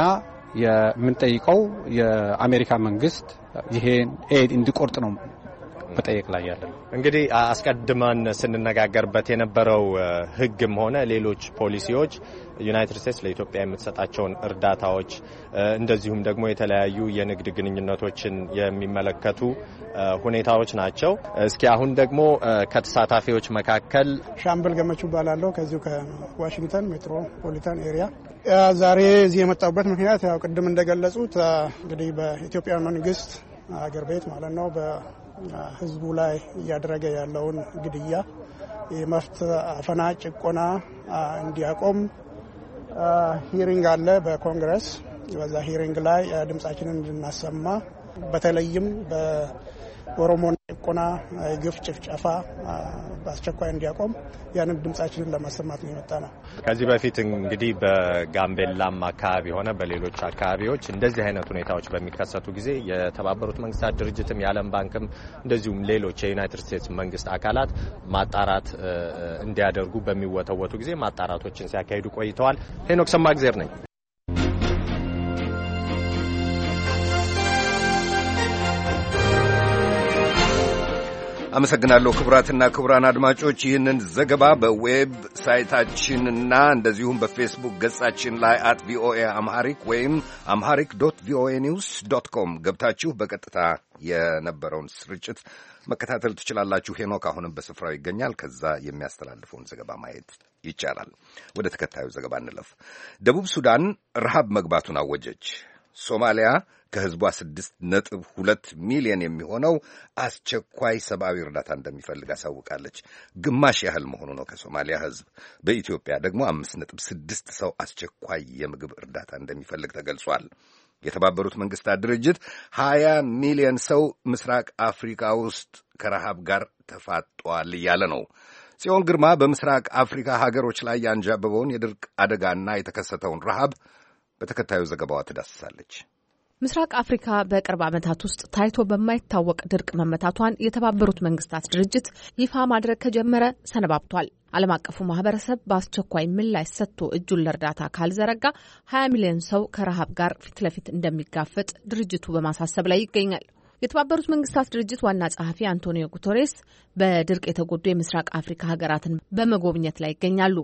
የምንጠይቀው የአሜሪካ መንግስት ይሄን ኤድ እንዲቆርጥ ነው መጠየቅ ላይ ያለ ነው። እንግዲህ አስቀድመን ስንነጋገርበት የነበረው ህግም ሆነ ሌሎች ፖሊሲዎች ዩናይትድ ስቴትስ ለኢትዮጵያ የምትሰጣቸውን እርዳታዎች እንደዚሁም ደግሞ የተለያዩ የንግድ ግንኙነቶችን የሚመለከቱ ሁኔታዎች ናቸው። እስኪ አሁን ደግሞ ከተሳታፊዎች መካከል ሻምበል ገመቹ እባላለሁ ከዚሁ ከዋሽንግተን ሜትሮፖሊታን ኤሪያ። ዛሬ እዚህ የመጣሁበት ምክንያት ያው ቅድም እንደገለጹት እንግዲህ በኢትዮጵያ መንግስት አገር ቤት ማለት ነው ህዝቡ ላይ እያደረገ ያለውን ግድያ፣ የመፍት አፈና፣ ጭቆና እንዲያቆም ሂሪንግ አለ በኮንግረስ። በዛ ሂሪንግ ላይ ድምጻችንን እንድናሰማ በተለይም በኦሮሞ ጭቆና፣ ግፍ፣ ጭፍጨፋ በአስቸኳይ እንዲያቆም ያንን ድምጻችንን ለማሰማት ነው የመጣ ነው። ከዚህ በፊት እንግዲህ በጋምቤላም አካባቢ ሆነ በሌሎች አካባቢዎች እንደዚህ አይነት ሁኔታዎች በሚከሰቱ ጊዜ የተባበሩት መንግስታት ድርጅትም የዓለም ባንክም እንደዚሁም ሌሎች የዩናይትድ ስቴትስ መንግስት አካላት ማጣራት እንዲያደርጉ በሚወተወቱ ጊዜ ማጣራቶችን ሲያካሂዱ ቆይተዋል። ሄኖክ ሰማግዜር ነኝ። አመሰግናለሁ። ክቡራትና ክቡራን አድማጮች ይህንን ዘገባ በዌብ ሳይታችንና እንደዚሁም በፌስቡክ ገጻችን ላይ አት ቪኦኤ አምሃሪክ ወይም አምሃሪክ ዶት ቪኦኤ ኒውስ ዶት ኮም ገብታችሁ በቀጥታ የነበረውን ስርጭት መከታተል ትችላላችሁ። ሄኖክ አሁንም በስፍራው ይገኛል። ከዛ የሚያስተላልፈውን ዘገባ ማየት ይቻላል። ወደ ተከታዩ ዘገባ እንለፍ። ደቡብ ሱዳን ረሃብ መግባቱን አወጀች። ሶማሊያ ከህዝቧ ስድስት ነጥብ ሁለት ሚሊዮን የሚሆነው አስቸኳይ ሰብአዊ እርዳታ እንደሚፈልግ አሳውቃለች። ግማሽ ያህል መሆኑ ነው ከሶማሊያ ህዝብ። በኢትዮጵያ ደግሞ አምስት ነጥብ ስድስት ሰው አስቸኳይ የምግብ እርዳታ እንደሚፈልግ ተገልጿል። የተባበሩት መንግስታት ድርጅት ሀያ ሚሊዮን ሰው ምስራቅ አፍሪካ ውስጥ ከረሃብ ጋር ተፋጧል እያለ ነው። ጽዮን ግርማ በምስራቅ አፍሪካ ሀገሮች ላይ ያንዣበበውን የድርቅ አደጋና የተከሰተውን ረሃብ በተከታዩ ዘገባዋ ትዳስሳለች። ምስራቅ አፍሪካ በቅርብ ዓመታት ውስጥ ታይቶ በማይታወቅ ድርቅ መመታቷን የተባበሩት መንግስታት ድርጅት ይፋ ማድረግ ከጀመረ ሰነባብቷል። ዓለም አቀፉ ማህበረሰብ በአስቸኳይ ምላሽ ሰጥቶ እጁን ለእርዳታ ካልዘረጋ 20 ሚሊዮን ሰው ከረሃብ ጋር ፊት ለፊት እንደሚጋፈጥ ድርጅቱ በማሳሰብ ላይ ይገኛል። የተባበሩት መንግስታት ድርጅት ዋና ጸሐፊ አንቶኒዮ ጉተሬስ በድርቅ የተጎዱ የምስራቅ አፍሪካ ሀገራትን በመጎብኘት ላይ ይገኛሉ።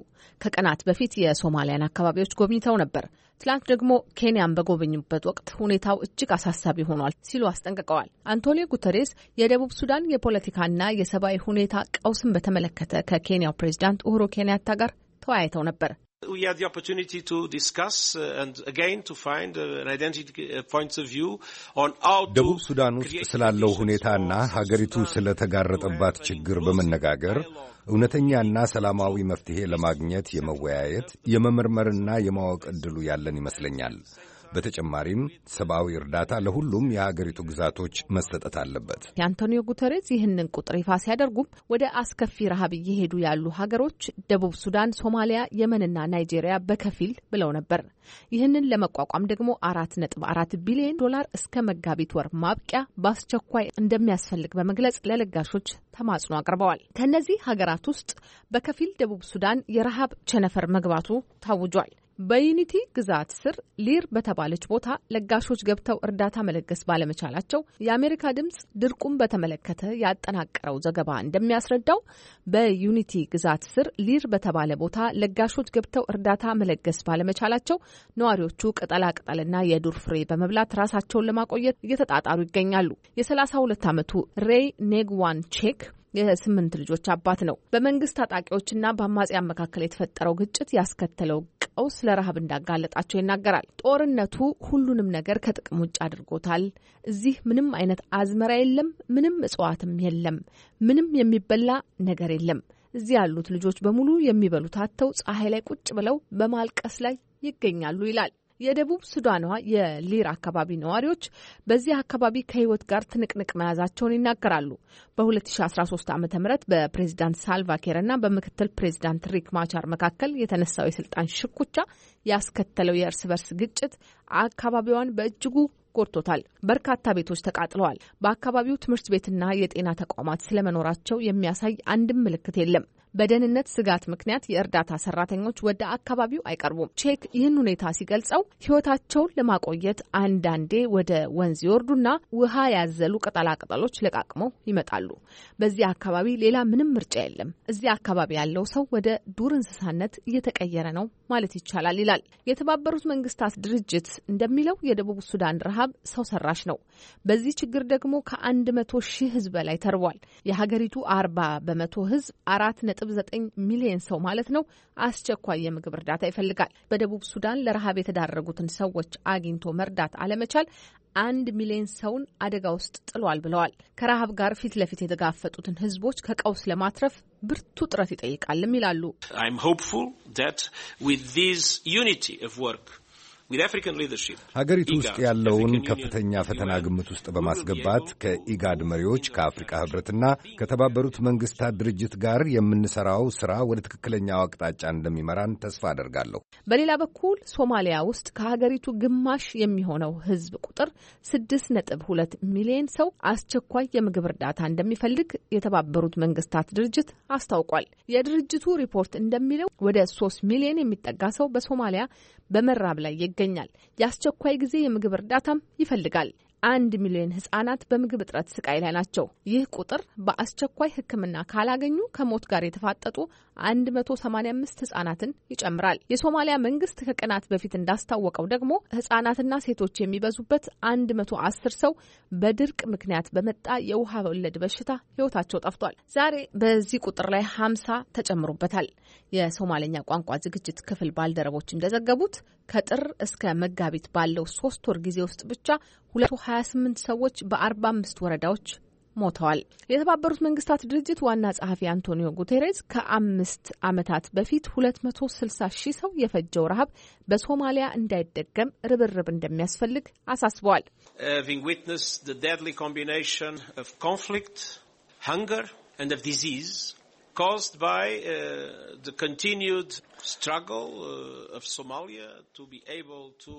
ከቀናት በፊት የሶማሊያን አካባቢዎች ጎብኝተው ነበር። ትላንት ደግሞ ኬንያን በጎበኙበት ወቅት ሁኔታው እጅግ አሳሳቢ ሆኗል ሲሉ አስጠንቅቀዋል። አንቶኒዮ ጉተሬስ የደቡብ ሱዳን የፖለቲካና የሰብአዊ ሁኔታ ቀውስን በተመለከተ ከኬንያው ፕሬዚዳንት ኡሁሩ ኬንያታ ጋር ተወያይተው ነበር። We had the opportunity to discuss uh, and again to find uh, an identity uh, points of view on how to ደቡብ ሱዳን ውስጥ ስላለው ሁኔታና ሀገሪቱ ስለተጋረጠባት ችግር በመነጋገር እውነተኛና ሰላማዊ መፍትሄ ለማግኘት የመወያየት የመመርመርና የማወቅ ዕድሉ ያለን ይመስለኛል። በተጨማሪም ሰብአዊ እርዳታ ለሁሉም የሀገሪቱ ግዛቶች መሰጠት አለበት። የአንቶኒዮ ጉተሬዝ ይህንን ቁጥር ይፋ ሲያደርጉም ወደ አስከፊ ረሃብ እየሄዱ ያሉ ሀገሮች ደቡብ ሱዳን፣ ሶማሊያ፣ የመንና ናይጄሪያ በከፊል ብለው ነበር። ይህንን ለመቋቋም ደግሞ አራት ነጥብ አራት ቢሊዮን ዶላር እስከ መጋቢት ወር ማብቂያ በአስቸኳይ እንደሚያስፈልግ በመግለጽ ለለጋሾች ተማጽኖ አቅርበዋል። ከእነዚህ ሀገራት ውስጥ በከፊል ደቡብ ሱዳን የረሃብ ቸነፈር መግባቱ ታውጇል። በዩኒቲ ግዛት ስር ሊር በተባለች ቦታ ለጋሾች ገብተው እርዳታ መለገስ ባለመቻላቸው የአሜሪካ ድምጽ ድርቁን በተመለከተ ያጠናቀረው ዘገባ እንደሚያስረዳው በዩኒቲ ግዛት ስር ሊር በተባለ ቦታ ለጋሾች ገብተው እርዳታ መለገስ ባለመቻላቸው ነዋሪዎቹ ቅጠላቅጠልና የዱር ፍሬ በመብላት ራሳቸውን ለማቆየት እየተጣጣሩ ይገኛሉ። የ32 ዓመቱ ሬይ ኔግዋን ቼክ የስምንት ልጆች አባት ነው። በመንግስት ታጣቂዎችና በአማጽያን መካከል የተፈጠረው ግጭት ያስከተለው ቀውስ ለረሃብ እንዳጋለጣቸው ይናገራል። ጦርነቱ ሁሉንም ነገር ከጥቅም ውጭ አድርጎታል። እዚህ ምንም አይነት አዝመራ የለም፣ ምንም እጽዋትም የለም፣ ምንም የሚበላ ነገር የለም። እዚህ ያሉት ልጆች በሙሉ የሚበሉት አጥተው ፀሐይ ላይ ቁጭ ብለው በማልቀስ ላይ ይገኛሉ ይላል። የደቡብ ሱዳኗ የሊር አካባቢ ነዋሪዎች በዚህ አካባቢ ከህይወት ጋር ትንቅንቅ መያዛቸውን ይናገራሉ። በ2013 ዓ ም በፕሬዚዳንት ሳልቫኪር እና በምክትል ፕሬዚዳንት ሪክ ማቻር መካከል የተነሳው የስልጣን ሽኩቻ ያስከተለው የእርስ በርስ ግጭት አካባቢዋን በእጅጉ ጎድቶታል። በርካታ ቤቶች ተቃጥለዋል። በአካባቢው ትምህርት ቤትና የጤና ተቋማት ስለመኖራቸው የሚያሳይ አንድም ምልክት የለም። በደህንነት ስጋት ምክንያት የእርዳታ ሰራተኞች ወደ አካባቢው አይቀርቡም። ቼክ ይህን ሁኔታ ሲገልጸው ሕይወታቸውን ለማቆየት አንዳንዴ ወደ ወንዝ ይወርዱና ውሃ ያዘሉ ቅጠላቅጠሎች ለቃቅመው ይመጣሉ። በዚህ አካባቢ ሌላ ምንም ምርጫ የለም። እዚህ አካባቢ ያለው ሰው ወደ ዱር እንስሳነት እየተቀየረ ነው ማለት ይቻላል ይላል። የተባበሩት መንግስታት ድርጅት እንደሚለው የደቡብ ሱዳን ረሃብ ሰው ሰራሽ ነው። በዚህ ችግር ደግሞ ከአንድ መቶ ሺህ ህዝብ በላይ ተርቧል። የሀገሪቱ አርባ በመቶ ህዝብ አራት ነጥብ 1.9 ሚሊዮን ሰው ማለት ነው አስቸኳይ የምግብ እርዳታ ይፈልጋል። በደቡብ ሱዳን ለረሃብ የተዳረጉትን ሰዎች አግኝቶ መርዳት አለመቻል አንድ ሚሊዮን ሰውን አደጋ ውስጥ ጥሏል ብለዋል። ከረሃብ ጋር ፊት ለፊት የተጋፈጡትን ህዝቦች ከቀውስ ለማትረፍ ብርቱ ጥረት ይጠይቃልም ይላሉ። ሀገሪቱ ውስጥ ያለውን ከፍተኛ ፈተና ግምት ውስጥ በማስገባት ከኢጋድ መሪዎች ከአፍሪካ ህብረትና ከተባበሩት መንግስታት ድርጅት ጋር የምንሰራው ስራ ወደ ትክክለኛው አቅጣጫ እንደሚመራን ተስፋ አደርጋለሁ። በሌላ በኩል ሶማሊያ ውስጥ ከሀገሪቱ ግማሽ የሚሆነው ህዝብ ቁጥር ስድስት ነጥብ ሁለት ሚሊዮን ሰው አስቸኳይ የምግብ እርዳታ እንደሚፈልግ የተባበሩት መንግስታት ድርጅት አስታውቋል። የድርጅቱ ሪፖርት እንደሚለው ወደ ሶስት ሚሊዮን የሚጠጋ ሰው በሶማሊያ በመራብ ላይ ይገኛል። የአስቸኳይ ጊዜ የምግብ እርዳታም ይፈልጋል። አንድ ሚሊዮን ህጻናት በምግብ እጥረት ስቃይ ላይ ናቸው። ይህ ቁጥር በአስቸኳይ ሕክምና ካላገኙ ከሞት ጋር የተፋጠጡ 185 ህጻናትን ይጨምራል። የሶማሊያ መንግስት ከቀናት በፊት እንዳስታወቀው ደግሞ ህጻናትና ሴቶች የሚበዙበት 110 ሰው በድርቅ ምክንያት በመጣ የውሃ ወለድ በሽታ ህይወታቸው ጠፍቷል። ዛሬ በዚህ ቁጥር ላይ 50 ተጨምሮበታል። የሶማሌኛ ቋንቋ ዝግጅት ክፍል ባልደረቦች እንደዘገቡት ከጥር እስከ መጋቢት ባለው ሶስት ወር ጊዜ ውስጥ ብቻ 228 ሰዎች በ45 ወረዳዎች ሞተዋል። የተባበሩት መንግስታት ድርጅት ዋና ጸሐፊ አንቶኒዮ ጉቴሬዝ ከአምስት ዓመታት በፊት 260 ሺህ ሰው የፈጀው ረሃብ በሶማሊያ እንዳይደገም ርብርብ እንደሚያስፈልግ አሳስበዋል። ዊትነስ ዴድሊ ኮምቢኔሽን ኦፍ ዲዚዝ caused by uh, the continued struggle uh, of Somalia to be able to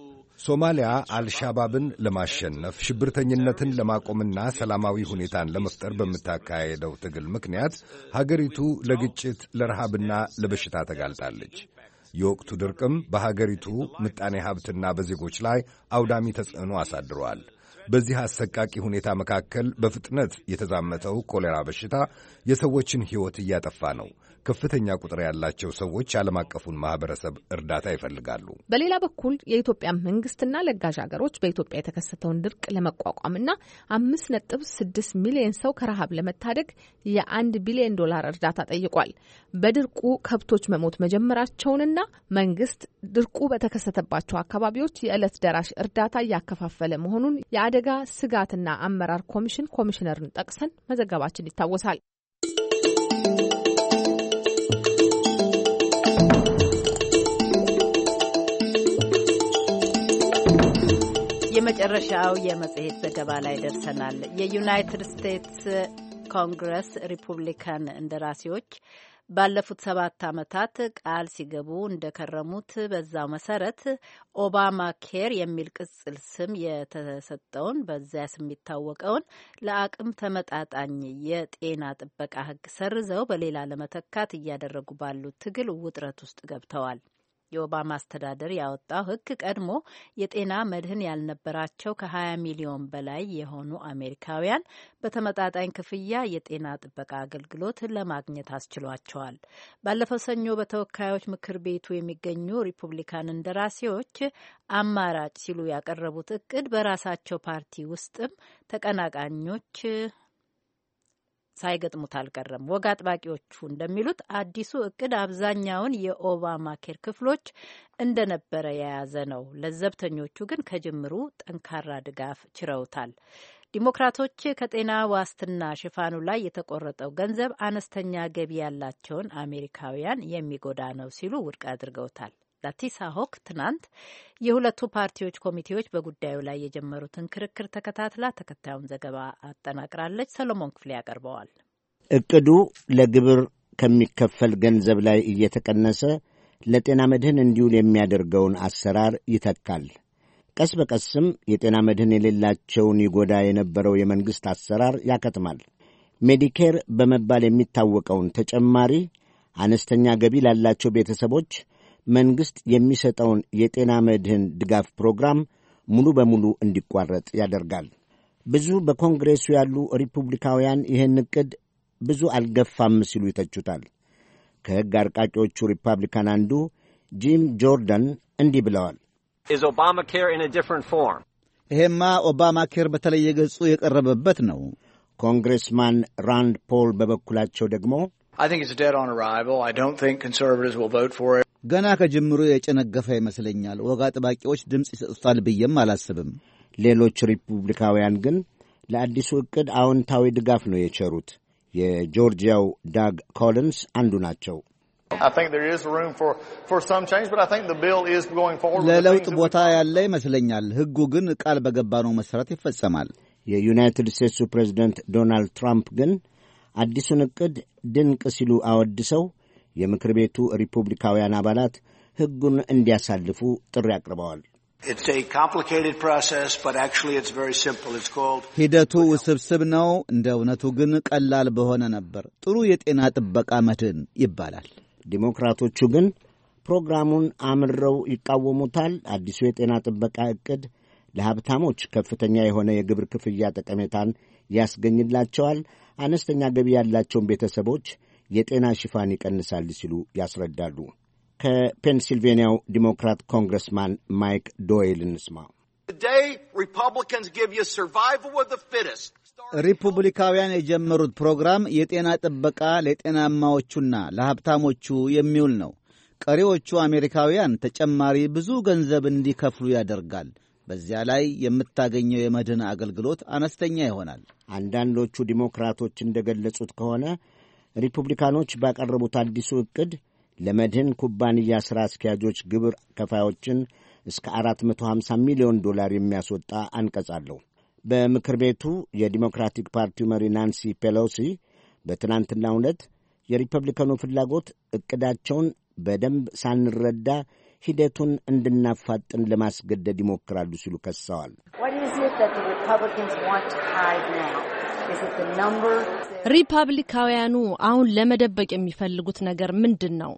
ሶማሊያ አልሻባብን ለማሸነፍ ሽብርተኝነትን ለማቆምና ሰላማዊ ሁኔታን ለመፍጠር በምታካሄደው ትግል ምክንያት uh, ሀገሪቱ ለግጭት ለረሃብና ለበሽታ ተጋልጣለች። የወቅቱ ድርቅም በሀገሪቱ ምጣኔ ሀብትና በዜጎች ላይ አውዳሚ ተጽዕኖ አሳድረዋል። በዚህ አሰቃቂ ሁኔታ መካከል በፍጥነት የተዛመተው ኮሌራ በሽታ የሰዎችን ሕይወት እያጠፋ ነው። ከፍተኛ ቁጥር ያላቸው ሰዎች ዓለም አቀፉን ማህበረሰብ እርዳታ ይፈልጋሉ። በሌላ በኩል የኢትዮጵያ መንግስትና ለጋሽ ሀገሮች በኢትዮጵያ የተከሰተውን ድርቅ ለመቋቋምና አምስት ነጥብ ስድስት ሚሊዮን ሰው ከረሃብ ለመታደግ የአንድ ቢሊዮን ዶላር እርዳታ ጠይቋል። በድርቁ ከብቶች መሞት መጀመራቸውንና መንግስት ድርቁ በተከሰተባቸው አካባቢዎች የዕለት ደራሽ እርዳታ እያከፋፈለ መሆኑን የአደጋ ስጋትና አመራር ኮሚሽን ኮሚሽነርን ጠቅሰን መዘገባችን ይታወሳል። የመጨረሻው የመጽሔት ዘገባ ላይ ደርሰናል። የዩናይትድ ስቴትስ ኮንግረስ ሪፑብሊካን እንደራሴዎች ባለፉት ሰባት ዓመታት ቃል ሲገቡ እንደከረሙት በዛው መሰረት ኦባማ ኬር የሚል ቅጽል ስም የተሰጠውን በዚያ ስም የሚታወቀውን ለአቅም ተመጣጣኝ የጤና ጥበቃ ሕግ ሰርዘው በሌላ ለመተካት እያደረጉ ባሉት ትግል ውጥረት ውስጥ ገብተዋል። የኦባማ አስተዳደር ያወጣው ሕግ ቀድሞ የጤና መድህን ያልነበራቸው ከ20 ሚሊዮን በላይ የሆኑ አሜሪካውያን በተመጣጣኝ ክፍያ የጤና ጥበቃ አገልግሎት ለማግኘት አስችሏቸዋል። ባለፈው ሰኞ በተወካዮች ምክር ቤቱ የሚገኙ ሪፑብሊካን እንደራሴዎች አማራጭ ሲሉ ያቀረቡት እቅድ በራሳቸው ፓርቲ ውስጥም ተቀናቃኞች ሳይገጥሙት አልቀረም። ወግ አጥባቂዎቹ እንደሚሉት አዲሱ እቅድ አብዛኛውን የኦባማ ኬር ክፍሎች እንደነበረ የያዘ ነው። ለዘብተኞቹ ግን ከጅምሩ ጠንካራ ድጋፍ ችረውታል። ዲሞክራቶች ከጤና ዋስትና ሽፋኑ ላይ የተቆረጠው ገንዘብ አነስተኛ ገቢ ያላቸውን አሜሪካውያን የሚጎዳ ነው ሲሉ ውድቅ አድርገውታል። ላቲሳ ሆክ ትናንት የሁለቱ ፓርቲዎች ኮሚቴዎች በጉዳዩ ላይ የጀመሩትን ክርክር ተከታትላ ተከታዩን ዘገባ አጠናቅራለች። ሰሎሞን ክፍሌ ያቀርበዋል። እቅዱ ለግብር ከሚከፈል ገንዘብ ላይ እየተቀነሰ ለጤና መድህን እንዲውል የሚያደርገውን አሰራር ይተካል። ቀስ በቀስም የጤና መድህን የሌላቸውን ይጎዳ የነበረው የመንግሥት አሰራር ያከትማል። ሜዲኬር በመባል የሚታወቀውን ተጨማሪ አነስተኛ ገቢ ላላቸው ቤተሰቦች መንግሥት የሚሰጠውን የጤና መድህን ድጋፍ ፕሮግራም ሙሉ በሙሉ እንዲቋረጥ ያደርጋል። ብዙ በኮንግሬሱ ያሉ ሪፑብሊካውያን ይህን ዕቅድ ብዙ አልገፋም ሲሉ ይተቹታል። ከሕግ አርቃቂዎቹ ሪፐብሊካን አንዱ ጂም ጆርዳን እንዲህ ብለዋል። ይሄማ ኦባማ ኬር በተለየ ገጹ የቀረበበት ነው። ኮንግሬስማን ራንድ ፖል በበኩላቸው ደግሞ ገና ከጅምሮ የጨነገፈ ይመስለኛል። ወግ አጥባቂዎች ድምፅ ይሰጡታል ብዬም አላስብም። ሌሎች ሪፑብሊካውያን ግን ለአዲሱ ዕቅድ አዎንታዊ ድጋፍ ነው የቸሩት። የጆርጂያው ዳግ ኮሊንስ አንዱ ናቸው። ለለውጥ ቦታ ያለ ይመስለኛል። ሕጉ ግን ቃል በገባነው መሠረት ይፈጸማል። የዩናይትድ ስቴትሱ ፕሬዝደንት ዶናልድ ትራምፕ ግን አዲሱን ዕቅድ ድንቅ ሲሉ አወድሰው የምክር ቤቱ ሪፑብሊካውያን አባላት ሕጉን እንዲያሳልፉ ጥሪ አቅርበዋል። ሂደቱ ውስብስብ ነው። እንደ እውነቱ ግን ቀላል በሆነ ነበር። ጥሩ የጤና ጥበቃ መድን ይባላል። ዲሞክራቶቹ ግን ፕሮግራሙን አምርረው ይቃወሙታል። አዲሱ የጤና ጥበቃ ዕቅድ ለሀብታሞች ከፍተኛ የሆነ የግብር ክፍያ ጠቀሜታን ያስገኝላቸዋል። አነስተኛ ገቢ ያላቸውን ቤተሰቦች የጤና ሽፋን ይቀንሳል ሲሉ ያስረዳሉ። ከፔንሲልቬንያው ዲሞክራት ኮንግረስማን ማይክ ዶይል እንስማ። ሪፑብሊካውያን የጀመሩት ፕሮግራም የጤና ጥበቃ ለጤናማዎቹና ለሀብታሞቹ የሚውል ነው። ቀሪዎቹ አሜሪካውያን ተጨማሪ ብዙ ገንዘብ እንዲከፍሉ ያደርጋል። በዚያ ላይ የምታገኘው የመድህን አገልግሎት አነስተኛ ይሆናል። አንዳንዶቹ ዲሞክራቶች እንደገለጹት ከሆነ ሪፑብሊካኖች ባቀረቡት አዲሱ ዕቅድ ለመድህን ኩባንያ ሥራ አስኪያጆች ግብር ከፋዮችን እስከ 450 ሚሊዮን ዶላር የሚያስወጣ አንቀጽ አለው። በምክር ቤቱ የዲሞክራቲክ ፓርቲው መሪ ናንሲ ፔሎሲ በትናንትናው ዕለት የሪፐብሊካኑ ፍላጎት ዕቅዳቸውን በደንብ ሳንረዳ ሂደቱን እንድናፋጥን ለማስገደድ ይሞክራሉ ሲሉ ከሰዋል። ሪፐብሊካውያኑ አሁን ለመደበቅ የሚፈልጉት ነገር ምንድን ነው?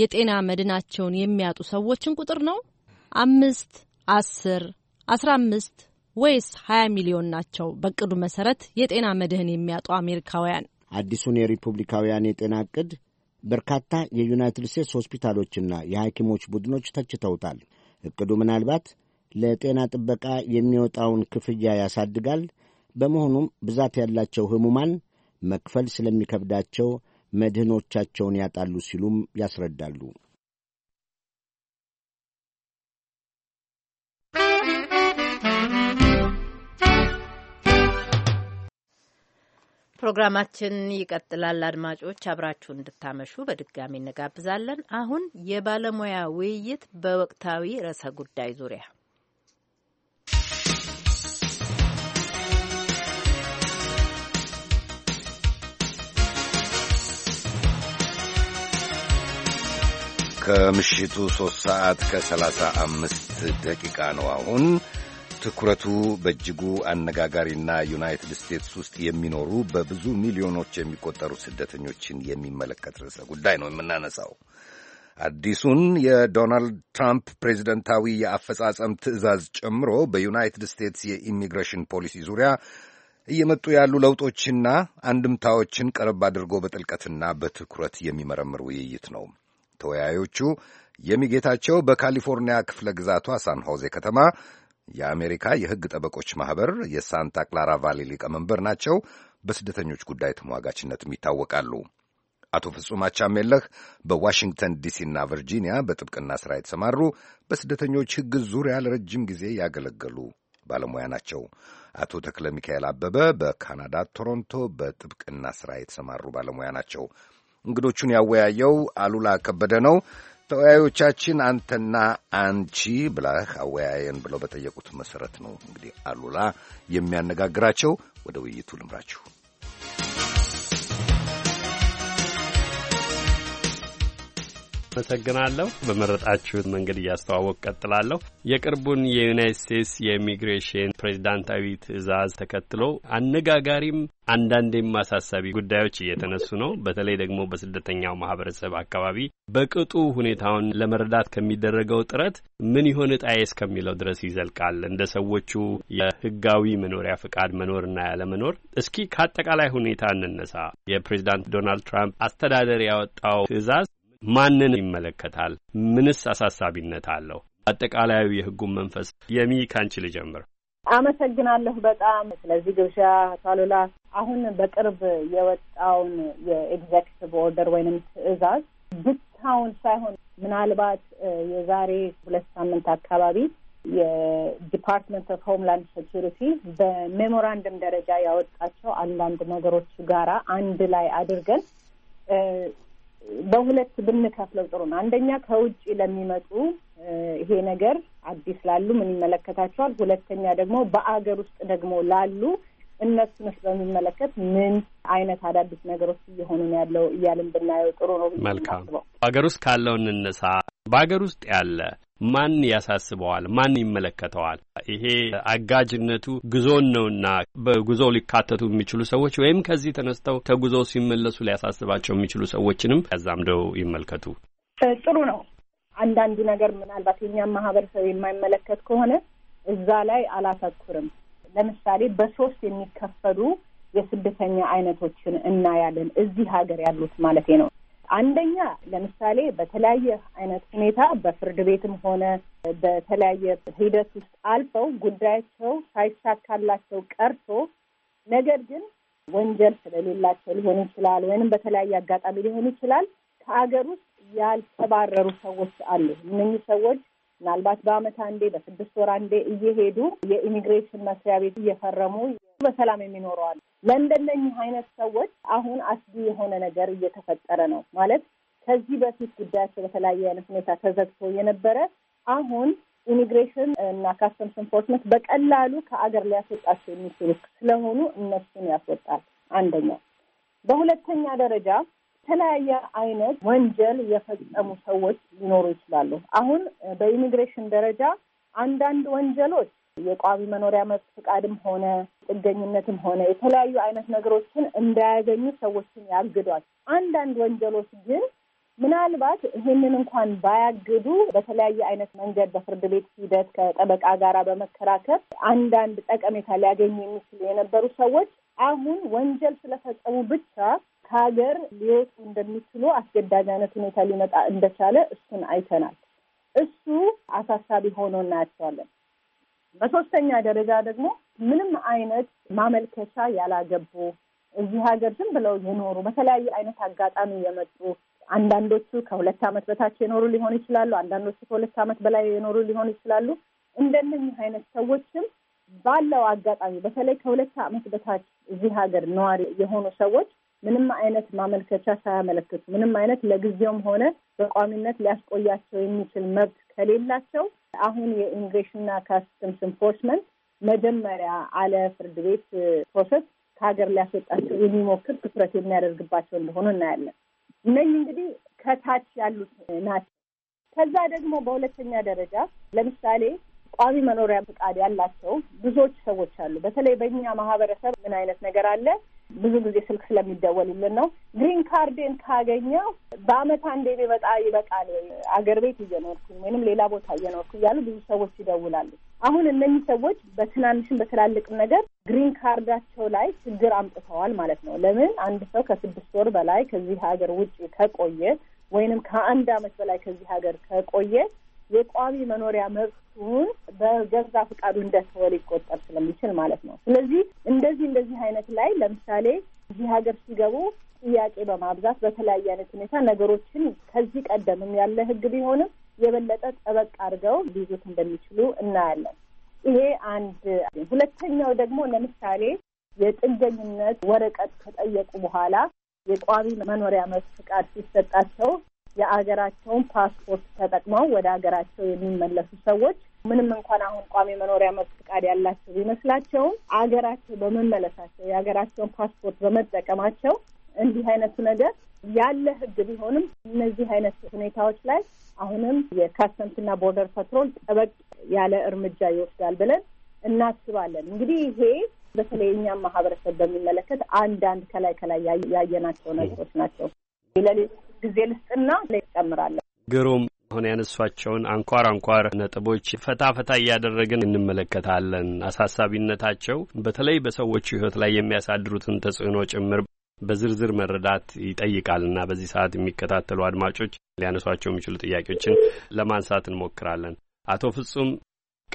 የጤና መድናቸውን የሚያጡ ሰዎችን ቁጥር ነው? አምስት አስር አስራ አምስት ወይስ ሀያ ሚሊዮን ናቸው? በእቅዱ መሰረት የጤና መድህን የሚያጡ አሜሪካውያን አዲሱን የሪፑብሊካውያን የጤና እቅድ በርካታ የዩናይትድ ስቴትስ ሆስፒታሎችና የሐኪሞች ቡድኖች ተችተውታል። እቅዱ ምናልባት ለጤና ጥበቃ የሚወጣውን ክፍያ ያሳድጋል፣ በመሆኑም ብዛት ያላቸው ሕሙማን መክፈል ስለሚከብዳቸው መድህኖቻቸውን ያጣሉ ሲሉም ያስረዳሉ። ፕሮግራማችን ይቀጥላል። አድማጮች አብራችሁ እንድታመሹ በድጋሚ እንጋብዛለን። አሁን የባለሙያ ውይይት በወቅታዊ ርዕሰ ጉዳይ ዙሪያ ከምሽቱ ሦስት ሰዓት ከሰላሳ አምስት ደቂቃ ነው። አሁን ትኩረቱ በእጅጉ አነጋጋሪና ዩናይትድ ስቴትስ ውስጥ የሚኖሩ በብዙ ሚሊዮኖች የሚቆጠሩ ስደተኞችን የሚመለከት ርዕሰ ጉዳይ ነው የምናነሳው። አዲሱን የዶናልድ ትራምፕ ፕሬዚደንታዊ የአፈጻጸም ትዕዛዝ ጨምሮ በዩናይትድ ስቴትስ የኢሚግሬሽን ፖሊሲ ዙሪያ እየመጡ ያሉ ለውጦችና አንድምታዎችን ቀረብ አድርጎ በጥልቀትና በትኩረት የሚመረምር ውይይት ነው። ተወያዮቹ የሚጌታቸው በካሊፎርኒያ ክፍለ ግዛቷ ሳን ሆዜ ከተማ የአሜሪካ የሕግ ጠበቆች ማኅበር የሳንታ ክላራ ቫሌ ሊቀመንበር ናቸው። በስደተኞች ጉዳይ ተሟጋችነትም ይታወቃሉ። አቶ ፍጹም አቻሜለህ በዋሽንግተን ዲሲና ቨርጂኒያ በጥብቅና ሥራ የተሰማሩ በስደተኞች ሕግ ዙሪያ ለረጅም ጊዜ ያገለገሉ ባለሙያ ናቸው። አቶ ተክለ ሚካኤል አበበ በካናዳ ቶሮንቶ በጥብቅና ሥራ የተሰማሩ ባለሙያ ናቸው። እንግዶቹን ያወያየው አሉላ ከበደ ነው። ተወያዮቻችን አንተና አንቺ ብላህ አወያየን ብለው በጠየቁት መሰረት ነው እንግዲህ አሉላ የሚያነጋግራቸው። ወደ ውይይቱ ልምራችሁ። አመሰግናለሁ። በመረጣችሁት መንገድ እያስተዋወቅ ቀጥላለሁ። የቅርቡን የዩናይት ስቴትስ የኢሚግሬሽን ፕሬዚዳንታዊ ትዕዛዝ ተከትሎ አነጋጋሪም አንዳንዴም አሳሳቢ ጉዳዮች እየተነሱ ነው። በተለይ ደግሞ በስደተኛው ማህበረሰብ አካባቢ በቅጡ ሁኔታውን ለመረዳት ከሚደረገው ጥረት ምን ይሆን እጣዬ እስከሚለው ድረስ ይዘልቃል። እንደ ሰዎቹ የህጋዊ መኖሪያ ፍቃድ መኖርና ያለመኖር። እስኪ ከአጠቃላይ ሁኔታ እንነሳ። የፕሬዚዳንት ዶናልድ ትራምፕ አስተዳደር ያወጣው ትዕዛዝ ማንን ይመለከታል? ምንስ አሳሳቢነት አለው? አጠቃላዩ የህጉን መንፈስ የሚ ልጀምር። አመሰግናለሁ በጣም ስለዚህ ግብዣ ታሉላ። አሁን በቅርብ የወጣውን የኤግዜክቲቭ ኦርደር ወይንም ትዕዛዝ ብቻውን ሳይሆን ምናልባት የዛሬ ሁለት ሳምንት አካባቢ የዲፓርትመንት ኦፍ ሆምላንድ ሴኪሪቲ በሜሞራንደም ደረጃ ያወጣቸው አንዳንድ ነገሮች ጋራ አንድ ላይ አድርገን በሁለት ብንከፍለው ጥሩ ነው። አንደኛ ከውጭ ለሚመጡ ይሄ ነገር አዲስ ላሉ ምን ይመለከታቸዋል? ሁለተኛ ደግሞ በአገር ውስጥ ደግሞ ላሉ እነሱንስ በሚመለከት ምን አይነት አዳዲስ ነገሮች እየሆኑ ነው ያለው እያልን ብናየው ጥሩ ነው። መልካም ሀገር ውስጥ ካለው እንነሳ። በሀገር ውስጥ ያለ ማን ያሳስበዋል? ማን ይመለከተዋል? ይሄ አጋጅነቱ ጉዞን ነውና በጉዞ ሊካተቱ የሚችሉ ሰዎች ወይም ከዚህ ተነስተው ተጉዞ ሲመለሱ ሊያሳስባቸው የሚችሉ ሰዎችንም ያዛምደው ይመልከቱ። ጥሩ ነው። አንዳንዱ ነገር ምናልባት የኛም ማህበረሰብ የማይመለከት ከሆነ እዛ ላይ አላተኩርም ለምሳሌ በሶስት የሚከፈሉ የስደተኛ አይነቶችን እናያለን። እዚህ ሀገር ያሉት ማለት ነው። አንደኛ ለምሳሌ በተለያየ አይነት ሁኔታ በፍርድ ቤትም ሆነ በተለያየ ሂደት ውስጥ አልፈው ጉዳያቸው ሳይሳካላቸው ቀርቶ ነገር ግን ወንጀል ስለሌላቸው ሊሆን ይችላል፣ ወይንም በተለያየ አጋጣሚ ሊሆን ይችላል። ከሀገር ውስጥ ያልተባረሩ ሰዎች አሉ። እነኚህ ሰዎች ምናልባት በአመት አንዴ በስድስት ወር አንዴ እየሄዱ የኢሚግሬሽን መስሪያ ቤት እየፈረሙ በሰላም አሉ። ለእንደነኚህ አይነት ሰዎች አሁን አስጊ የሆነ ነገር እየተፈጠረ ነው ማለት ከዚህ በፊት ጉዳያቸው በተለያየ አይነት ሁኔታ ተዘግቶ የነበረ አሁን ኢሚግሬሽን እና ካስተምስ ኢንፎርስመንት በቀላሉ ከአገር ሊያስወጣቸው የሚችሉ ስለሆኑ እነሱን ያስወጣል። አንደኛው። በሁለተኛ ደረጃ የተለያየ አይነት ወንጀል የፈጸሙ ሰዎች ሊኖሩ ይችላሉ። አሁን በኢሚግሬሽን ደረጃ አንዳንድ ወንጀሎች የቋሚ መኖሪያ መብት ፍቃድም ሆነ ጥገኝነትም ሆነ የተለያዩ አይነት ነገሮችን እንዳያገኙ ሰዎችን ያግዷል። አንዳንድ ወንጀሎች ግን ምናልባት ይህንን እንኳን ባያግዱ በተለያየ አይነት መንገድ በፍርድ ቤት ሂደት ከጠበቃ ጋራ በመከራከር አንዳንድ ጠቀሜታ ሊያገኙ የሚችሉ የነበሩ ሰዎች አሁን ወንጀል ስለፈጸሙ ብቻ ከሀገር ሊወጡ እንደሚችሉ አስገዳጅ አይነት ሁኔታ ሊመጣ እንደቻለ እሱን አይተናል። እሱ አሳሳቢ ሆኖ እናያቸዋለን። በሶስተኛ ደረጃ ደግሞ ምንም አይነት ማመልከቻ ያላገቡ እዚህ ሀገር ዝም ብለው የኖሩ በተለያየ አይነት አጋጣሚ የመጡ አንዳንዶቹ ከሁለት ዓመት በታች የኖሩ ሊሆኑ ይችላሉ። አንዳንዶቹ ከሁለት ዓመት በላይ የኖሩ ሊሆኑ ይችላሉ። እንደነኚህ አይነት ሰዎችም ባለው አጋጣሚ በተለይ ከሁለት ዓመት በታች እዚህ ሀገር ነዋሪ የሆኑ ሰዎች ምንም አይነት ማመልከቻ ሳያመለክቱ ምንም አይነት ለጊዜውም ሆነ በቋሚነት ሊያስቆያቸው የሚችል መብት ከሌላቸው አሁን የኢሚግሬሽንና ካስተምስ ኢንፎርስመንት መጀመሪያ አለ ፍርድ ቤት ፕሮሰስ ከሀገር ሊያስወጣቸው የሚሞክር ትኩረት የሚያደርግባቸው እንደሆኑ እናያለን። እነህ እንግዲህ ከታች ያሉት ናቸው። ከዛ ደግሞ በሁለተኛ ደረጃ ለምሳሌ ቋሚ መኖሪያ ፍቃድ ያላቸው ብዙዎች ሰዎች አሉ። በተለይ በእኛ ማህበረሰብ ምን አይነት ነገር አለ? ብዙ ጊዜ ስልክ ስለሚደወልልን ነው። ግሪን ካርዴን ካገኘው በአመት አንዴ የሚመጣ ይበቃል ወይ አገር ቤት እየኖርኩኝ ወይንም ሌላ ቦታ እየኖርኩ እያሉ ብዙ ሰዎች ይደውላሉ። አሁን እነኚህ ሰዎች በትናንሽም በትላልቅም ነገር ግሪን ካርዳቸው ላይ ችግር አምጥተዋል ማለት ነው። ለምን አንድ ሰው ከስድስት ወር በላይ ከዚህ ሀገር ውጭ ከቆየ ወይንም ከአንድ አመት በላይ ከዚህ ሀገር ከቆየ የቋሚ መኖሪያ መብቱን በገዛ ፍቃዱ እንደተወ ሊቆጠር ስለሚችል ማለት ነው። ስለዚህ እንደዚህ እንደዚህ አይነት ላይ ለምሳሌ እዚህ ሀገር ሲገቡ ጥያቄ በማብዛት በተለያየ አይነት ሁኔታ ነገሮችን ከዚህ ቀደምም ያለ ህግ ቢሆንም የበለጠ ጠበቅ አድርገው ሊይዙት እንደሚችሉ እናያለን። ይሄ አንድ። ሁለተኛው ደግሞ ለምሳሌ የጥገኝነት ወረቀት ከጠየቁ በኋላ የቋሚ መኖሪያ መብት ፍቃድ ሲሰጣቸው የአገራቸውን ፓስፖርት ተጠቅመው ወደ አገራቸው የሚመለሱ ሰዎች ምንም እንኳን አሁን ቋሚ መኖሪያ መብት ፍቃድ ያላቸው ቢመስላቸውም አገራቸው በመመለሳቸው የሀገራቸውን ፓስፖርት በመጠቀማቸው እንዲህ አይነቱ ነገር ያለ ህግ ቢሆንም እነዚህ አይነት ሁኔታዎች ላይ አሁንም የካስተምስና ቦርደር ፐትሮል ጠበቅ ያለ እርምጃ ይወስዳል ብለን እናስባለን። እንግዲህ ይሄ በተለይ እኛም ማህበረሰብ በሚመለከት አንዳንድ ከላይ ከላይ ያየናቸው ነገሮች ናቸው። ለሌሎች ጊዜ ልስጥና ይጨምራለሁ። ግሩም አሁን ያነሷቸውን አንኳር አንኳር ነጥቦች ፈታ ፈታ እያደረግን እንመለከታለን። አሳሳቢነታቸው በተለይ በሰዎች ሕይወት ላይ የሚያሳድሩትን ተጽዕኖ ጭምር በዝርዝር መረዳት ይጠይቃልና በዚህ ሰዓት የሚከታተሉ አድማጮች ሊያነሷቸው የሚችሉ ጥያቄዎችን ለማንሳት እንሞክራለን። አቶ ፍጹም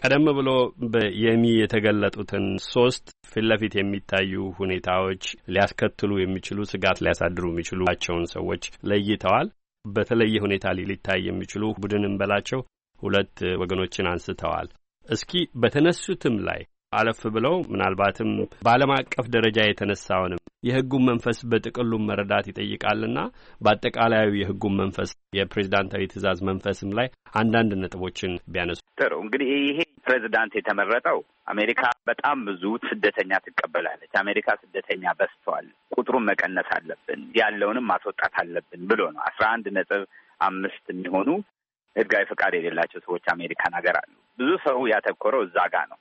ቀደም ብሎ በየሚ የተገለጡትን ሶስት ፊት ለፊት የሚታዩ ሁኔታዎች ሊያስከትሉ የሚችሉ ስጋት ሊያሳድሩ የሚችሉቸውን ሰዎች ለይተዋል። በተለየ ሁኔታ ሊታይ የሚችሉ ቡድን እንበላቸው ሁለት ወገኖችን አንስተዋል። እስኪ በተነሱትም ላይ አለፍ ብለው ምናልባትም በዓለም አቀፍ ደረጃ የተነሳውንም የሕጉን መንፈስ በጥቅሉን መረዳት ይጠይቃልና በአጠቃላዩ የሕጉን መንፈስ የፕሬዚዳንታዊ ትእዛዝ መንፈስም ላይ አንዳንድ ነጥቦችን ቢያነሱ ጥሩ። እንግዲህ ይሄ ፕሬዚዳንት የተመረጠው አሜሪካ በጣም ብዙ ስደተኛ ትቀበላለች፣ አሜሪካ ስደተኛ በዝተዋል፣ ቁጥሩን መቀነስ አለብን፣ ያለውንም ማስወጣት አለብን ብሎ ነው። አስራ አንድ ነጥብ አምስት የሚሆኑ ህጋዊ ፈቃድ የሌላቸው ሰዎች አሜሪካን ሀገር አሉ። ብዙ ሰው ያተኮረው እዛ ጋ ነው።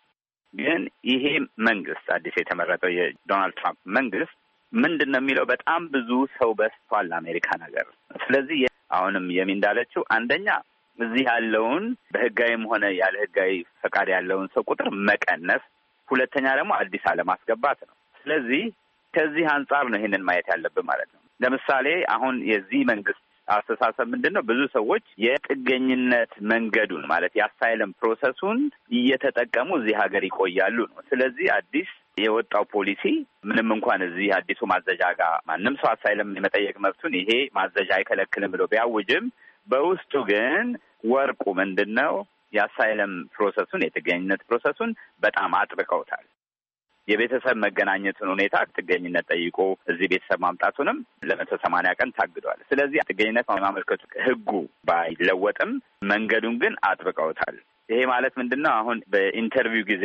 ግን ይሄ መንግስት አዲስ የተመረጠው የዶናልድ ትራምፕ መንግስት ምንድን ነው የሚለው በጣም ብዙ ሰው በስቷል አሜሪካ ነገር ስለዚህ አሁንም የሚ እንዳለችው አንደኛ እዚህ ያለውን በህጋዊም ሆነ ያለ ህጋዊ ፈቃድ ያለውን ሰው ቁጥር መቀነስ፣ ሁለተኛ ደግሞ አዲስ አለማስገባት ነው። ስለዚህ ከዚህ አንጻር ነው ይህንን ማየት ያለብን ማለት ነው። ለምሳሌ አሁን የዚህ መንግስት አስተሳሰብ ምንድን ነው? ብዙ ሰዎች የጥገኝነት መንገዱን ማለት የአሳይለም ፕሮሰሱን እየተጠቀሙ እዚህ ሀገር ይቆያሉ ነው። ስለዚህ አዲስ የወጣው ፖሊሲ ምንም እንኳን እዚህ አዲሱ ማዘዣ ጋር ማንም ሰው አሳይለም የመጠየቅ መብቱን ይሄ ማዘዣ አይከለክልም ብሎ ቢያውጅም በውስጡ ግን ወርቁ ምንድን ነው? የአሳይለም ፕሮሰሱን የጥገኝነት ፕሮሰሱን በጣም አጥብቀውታል። የቤተሰብ መገናኘትን ሁኔታ ጥገኝነት ጠይቆ እዚህ ቤተሰብ ማምጣቱንም ለመቶ ሰማንያ ቀን ታግዷል። ስለዚህ ጥገኝነት ማመልከቱ ህጉ ባይለወጥም መንገዱን ግን አጥብቀውታል። ይሄ ማለት ምንድን ነው? አሁን በኢንተርቪው ጊዜ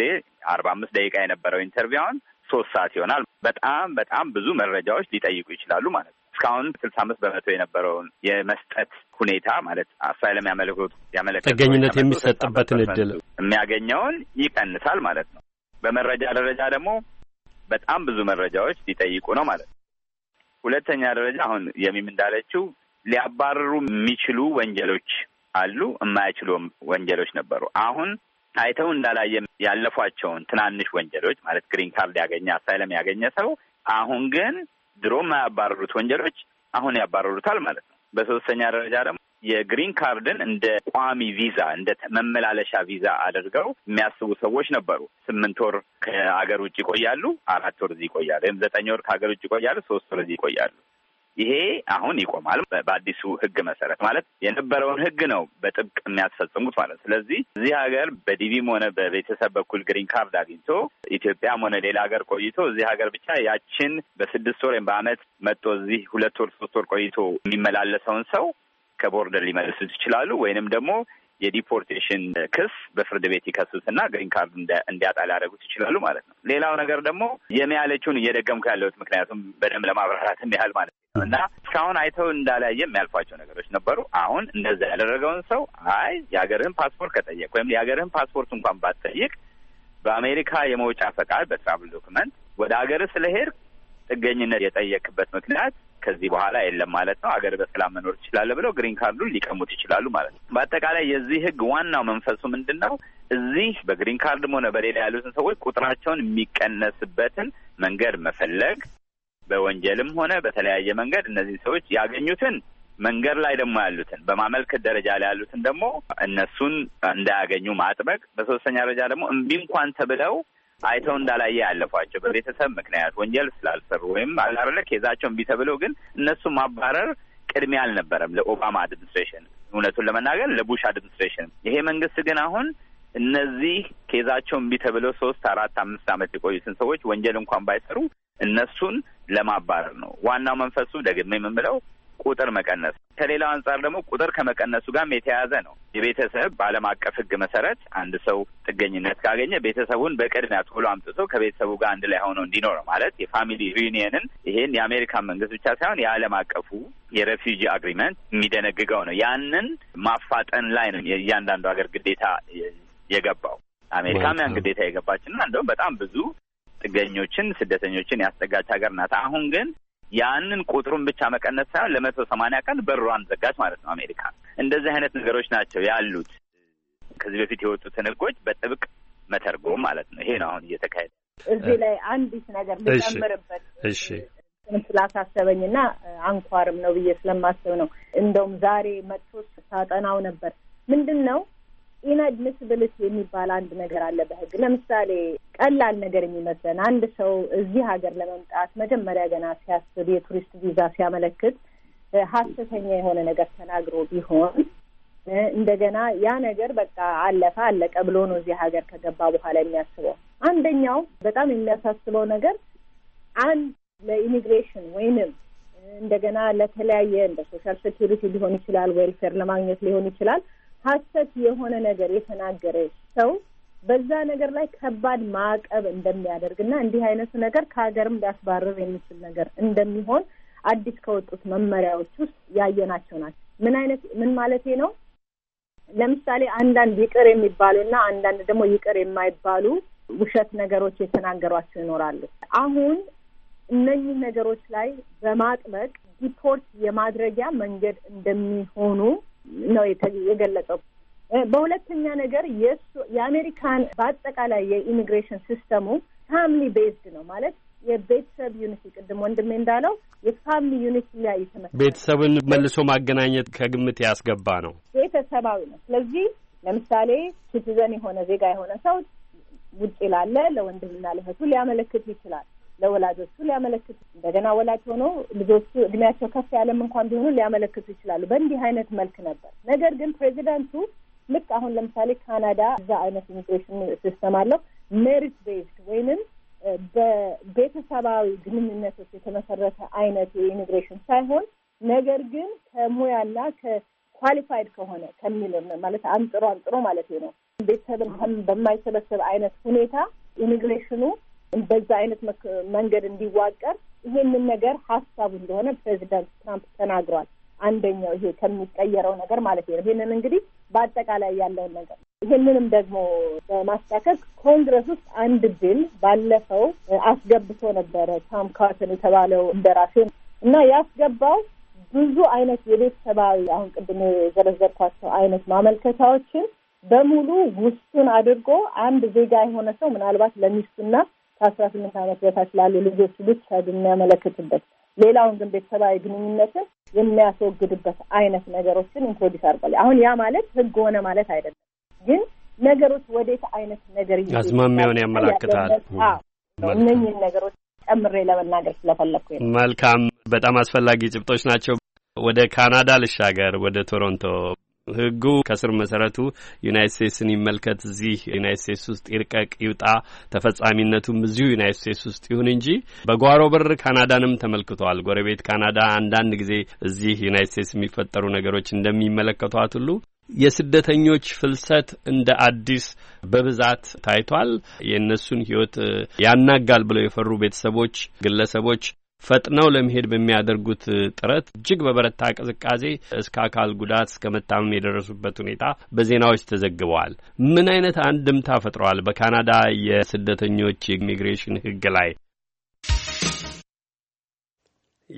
አርባ አምስት ደቂቃ የነበረው ኢንተርቪው አሁን ሶስት ሰዓት ይሆናል። በጣም በጣም ብዙ መረጃዎች ሊጠይቁ ይችላሉ ማለት ነው። እስካሁን ስልሳ አምስት በመቶ የነበረውን የመስጠት ሁኔታ ማለት አሳይለም ያመለክቱ ያመለክ ጥገኝነት የሚሰጥበትን እድል የሚያገኘውን ይቀንሳል ማለት ነው። በመረጃ ደረጃ ደግሞ በጣም ብዙ መረጃዎች ሊጠይቁ ነው ማለት ነው። ሁለተኛ ደረጃ አሁን የሚም እንዳለችው ሊያባረሩ የሚችሉ ወንጀሎች አሉ፣ የማይችሉ ወንጀሎች ነበሩ። አሁን አይተው እንዳላየ ያለፏቸውን ትናንሽ ወንጀሎች ማለት ግሪን ካርድ ያገኘ አሳይለም ያገኘ ሰው አሁን ግን ድሮ የማያባረሩት ወንጀሎች አሁን ያባረሩታል ማለት ነው። በሶስተኛ ደረጃ ደግሞ የግሪን ካርድን እንደ ቋሚ ቪዛ እንደ መመላለሻ ቪዛ አድርገው የሚያስቡ ሰዎች ነበሩ። ስምንት ወር ከሀገር ውጭ ይቆያሉ፣ አራት ወር እዚህ ይቆያሉ፣ ወይም ዘጠኝ ወር ከሀገር ውጭ ይቆያሉ፣ ሶስት ወር እዚህ ይቆያሉ። ይሄ አሁን ይቆማል። በአዲሱ ህግ መሰረት ማለት የነበረውን ህግ ነው በጥብቅ የሚያስፈጽሙት ማለት። ስለዚህ እዚህ ሀገር በዲቪም ሆነ በቤተሰብ በኩል ግሪን ካርድ አግኝቶ ኢትዮጵያም ሆነ ሌላ ሀገር ቆይቶ እዚህ ሀገር ብቻ ያችን በስድስት ወር ወይም በአመት መጥቶ እዚህ ሁለት ወር ሶስት ወር ቆይቶ የሚመላለሰውን ሰው ከቦርደር ሊመልሱ ይችላሉ ወይንም ደግሞ የዲፖርቴሽን ክስ በፍርድ ቤት ይከሱትና ግሪን ካርድ እንዲያጣ ሊያደርጉት ይችላሉ ማለት ነው። ሌላው ነገር ደግሞ የሚያለችውን እየደገምኩ ያለሁት ምክንያቱም በደንብ ለማብራራትም ያህል ማለት ነው እና እስካሁን አይተው እንዳላየ የሚያልፏቸው ነገሮች ነበሩ። አሁን እንደዛ ያደረገውን ሰው አይ የሀገርህን ፓስፖርት ከጠየቅ ወይም የሀገርህን ፓስፖርት እንኳን ባትጠይቅ በአሜሪካ የመውጫ ፈቃድ በትራቭል ዶክመንት ወደ ሀገር ስለሄድ ጥገኝነት የጠየቅበት ምክንያት ከዚህ በኋላ የለም ማለት ነው፣ አገር በሰላም መኖር ትችላለህ ብለው ግሪን ካርዱን ሊቀሙት ይችላሉ ማለት ነው። በአጠቃላይ የዚህ ህግ ዋናው መንፈሱ ምንድን ነው? እዚህ በግሪን ካርድም ሆነ በሌላ ያሉትን ሰዎች ቁጥራቸውን የሚቀነስበትን መንገድ መፈለግ፣ በወንጀልም ሆነ በተለያየ መንገድ እነዚህ ሰዎች ያገኙትን መንገድ ላይ ደግሞ ያሉትን በማመልከት ደረጃ ላይ ያሉትን ደግሞ እነሱን እንዳያገኙ ማጥበቅ፣ በሶስተኛ ደረጃ ደግሞ እምቢ እንኳን ተብለው አይተው እንዳላየ ያለፏቸው በቤተሰብ ምክንያት ወንጀል ስላልሰሩ ወይም አላረለክ የዛቸውን ቢተብለው ግን እነሱ ማባረር ቅድሚያ አልነበረም ለኦባማ አድሚኒስትሬሽን፣ እውነቱን ለመናገር ለቡሽ አድሚኒስትሬሽን። ይሄ መንግስት ግን አሁን እነዚህ ኬዛቸውን ቢተብለው ሶስት አራት አምስት ዓመት የቆዩትን ሰዎች ወንጀል እንኳን ባይሰሩ እነሱን ለማባረር ነው ዋናው መንፈሱ። ደግሜ የምንብለው ቁጥር መቀነስ። ከሌላው አንጻር ደግሞ ቁጥር ከመቀነሱ ጋርም የተያያዘ ነው። የቤተሰብ በዓለም አቀፍ ሕግ መሰረት አንድ ሰው ጥገኝነት ካገኘ ቤተሰቡን በቅድሚያ ቶሎ አምጥቶ ከቤተሰቡ ጋር አንድ ላይ ሆኖ እንዲኖረው ማለት የፋሚሊ ዩኒየንን ይሄን የአሜሪካን መንግስት ብቻ ሳይሆን የዓለም አቀፉ የሬፊጂ አግሪመንት የሚደነግገው ነው። ያንን ማፋጠን ላይ ነው የእያንዳንዱ ሀገር ግዴታ የገባው። አሜሪካም ያን ግዴታ የገባችና እንደውም በጣም ብዙ ጥገኞችን ስደተኞችን ያስጠጋች ሀገር ናት። አሁን ግን ያንን ቁጥሩን ብቻ መቀነስ ሳይሆን ለመቶ ሰማንያ ቀን በሯን ዘጋች ማለት ነው አሜሪካ። እንደዚህ አይነት ነገሮች ናቸው ያሉት። ከዚህ በፊት የወጡትን ህጎች በጥብቅ መተርጎም ማለት ነው። ይሄ ነው አሁን እየተካሄደ። እዚህ ላይ አንዲት ነገር ልጨምርበት ስላሳሰበኝ እና አንኳርም ነው ብዬ ስለማስብ ነው። እንደውም ዛሬ መጥቶ ሳጠናው ነበር ምንድን ነው ኢንአድሚስብልት የሚባል አንድ ነገር አለ በህግ። ለምሳሌ ቀላል ነገር የሚመስለን አንድ ሰው እዚህ ሀገር ለመምጣት መጀመሪያ ገና ሲያስብ የቱሪስት ቪዛ ሲያመለክት ሀሰተኛ የሆነ ነገር ተናግሮ ቢሆን እንደገና ያ ነገር በቃ አለፈ አለቀ ብሎ ነው እዚህ ሀገር ከገባ በኋላ የሚያስበው። አንደኛው በጣም የሚያሳስበው ነገር አንድ ለኢሚግሬሽን ወይንም እንደገና ለተለያየ እንደ ሶሻል ሴኪሪቲ ሊሆን ይችላል፣ ዌልፌር ለማግኘት ሊሆን ይችላል ሀሰት የሆነ ነገር የተናገረ ሰው በዛ ነገር ላይ ከባድ ማዕቀብ እንደሚያደርግ እና እንዲህ አይነቱ ነገር ከሀገርም ሊያስባርር የሚችል ነገር እንደሚሆን አዲስ ከወጡት መመሪያዎች ውስጥ ያየናቸው ናቸው። ምን አይነት ምን ማለቴ ነው? ለምሳሌ አንዳንድ ይቅር የሚባሉ እና አንዳንድ ደግሞ ይቅር የማይባሉ ውሸት ነገሮች የተናገሯቸው ይኖራሉ። አሁን እነኚህ ነገሮች ላይ በማጥበቅ ዲፖርት የማድረጊያ መንገድ እንደሚሆኑ ነው የገለጸው። በሁለተኛ ነገር የእሱ የአሜሪካን በአጠቃላይ የኢሚግሬሽን ሲስተሙ ፋሚሊ ቤዝድ ነው ማለት የቤተሰብ ዩኒቲ ቅድም ወንድሜ እንዳለው የፋሚሊ ዩኒቲ ላይ የተመሰረተ ቤተሰብን መልሶ ማገናኘት ከግምት ያስገባ ነው፣ ቤተሰባዊ ነው። ስለዚህ ለምሳሌ ሲቲዘን የሆነ ዜጋ የሆነ ሰው ውጭ ላለ ለወንድምና ለእህቱ ሊያመለክት ይችላል። ለወላጆቹ ሊያመለክቱ እንደገና ወላጅ ሆኖ ልጆቹ እድሜያቸው ከፍ ያለም እንኳን ቢሆኑ ሊያመለክቱ ይችላሉ። በእንዲህ አይነት መልክ ነበር። ነገር ግን ፕሬዚዳንቱ ልክ አሁን ለምሳሌ ካናዳ እዛ አይነት ኢሚግሬሽን ሲስተም አለው ሜሪት ቤዝድ ወይንም በቤተሰባዊ ግንኙነቶች የተመሰረተ አይነት የኢሚግሬሽን ሳይሆን ነገር ግን ከሙያና ከኳሊፋይድ ከሆነ ከሚል ማለት አንጥሮ አንጥሮ ማለት ነው ቤተሰብን በማይሰበሰብ አይነት ሁኔታ ኢሚግሬሽኑ በዛ አይነት መንገድ እንዲዋቀር ይህንን ነገር ሀሳቡ እንደሆነ ፕሬዚዳንት ትራምፕ ተናግሯል። አንደኛው ይሄ ከሚቀየረው ነገር ማለት ነው። ይህንን እንግዲህ በአጠቃላይ ያለውን ነገር ይህንንም ደግሞ በማስታከክ ኮንግረስ ውስጥ አንድ ቢል ባለፈው አስገብቶ ነበረ። ታም ካርተን የተባለው እንደራሴ እና ያስገባው ብዙ አይነት የቤተሰባዊ አሁን ቅድም የዘረዘርኳቸው አይነት ማመልከቻዎችን በሙሉ ውሱን አድርጎ አንድ ዜጋ የሆነ ሰው ምናልባት ለሚስቱና ከአስራ ስምንት ዓመት በታች ላሉ ልጆች ብቻ የሚያመለክትበት ሌላውን ግን ቤተሰባዊ ግንኙነትን የሚያስወግድበት አይነት ነገሮችን ኢንትሮዲስ አድርጓል። አሁን ያ ማለት ህግ ሆነ ማለት አይደለም፣ ግን ነገሮች ወዴት አይነት ነገር አዝማሚያውን ያመላክታል። እነኝን ነገሮች ጨምሬ ለመናገር ስለፈለግኩ መልካም። በጣም አስፈላጊ ጭብጦች ናቸው። ወደ ካናዳ ልሻገር፣ ወደ ቶሮንቶ ህጉ ከስር መሰረቱ ዩናይት ስቴትስን ይመልከት፣ እዚህ ዩናይት ስቴትስ ውስጥ ይርቀቅ ይውጣ፣ ተፈጻሚነቱም እዚሁ ዩናይት ስቴትስ ውስጥ ይሁን እንጂ በጓሮ በር ካናዳንም ተመልክተዋል። ጎረቤት ካናዳ አንዳንድ ጊዜ እዚህ ዩናይት ስቴትስ የሚፈጠሩ ነገሮች እንደሚመለከቷት ሁሉ የስደተኞች ፍልሰት እንደ አዲስ በብዛት ታይቷል። የእነሱን ህይወት ያናጋል ብለው የፈሩ ቤተሰቦች፣ ግለሰቦች ፈጥነው ለመሄድ በሚያደርጉት ጥረት እጅግ በበረታ ቅዝቃዜ እስከ አካል ጉዳት እስከ መታመም የደረሱበት ሁኔታ በዜናዎች ተዘግበዋል። ምን አይነት አንድምታ ፈጥረዋል? በካናዳ የስደተኞች ኢሚግሬሽን ሕግ ላይ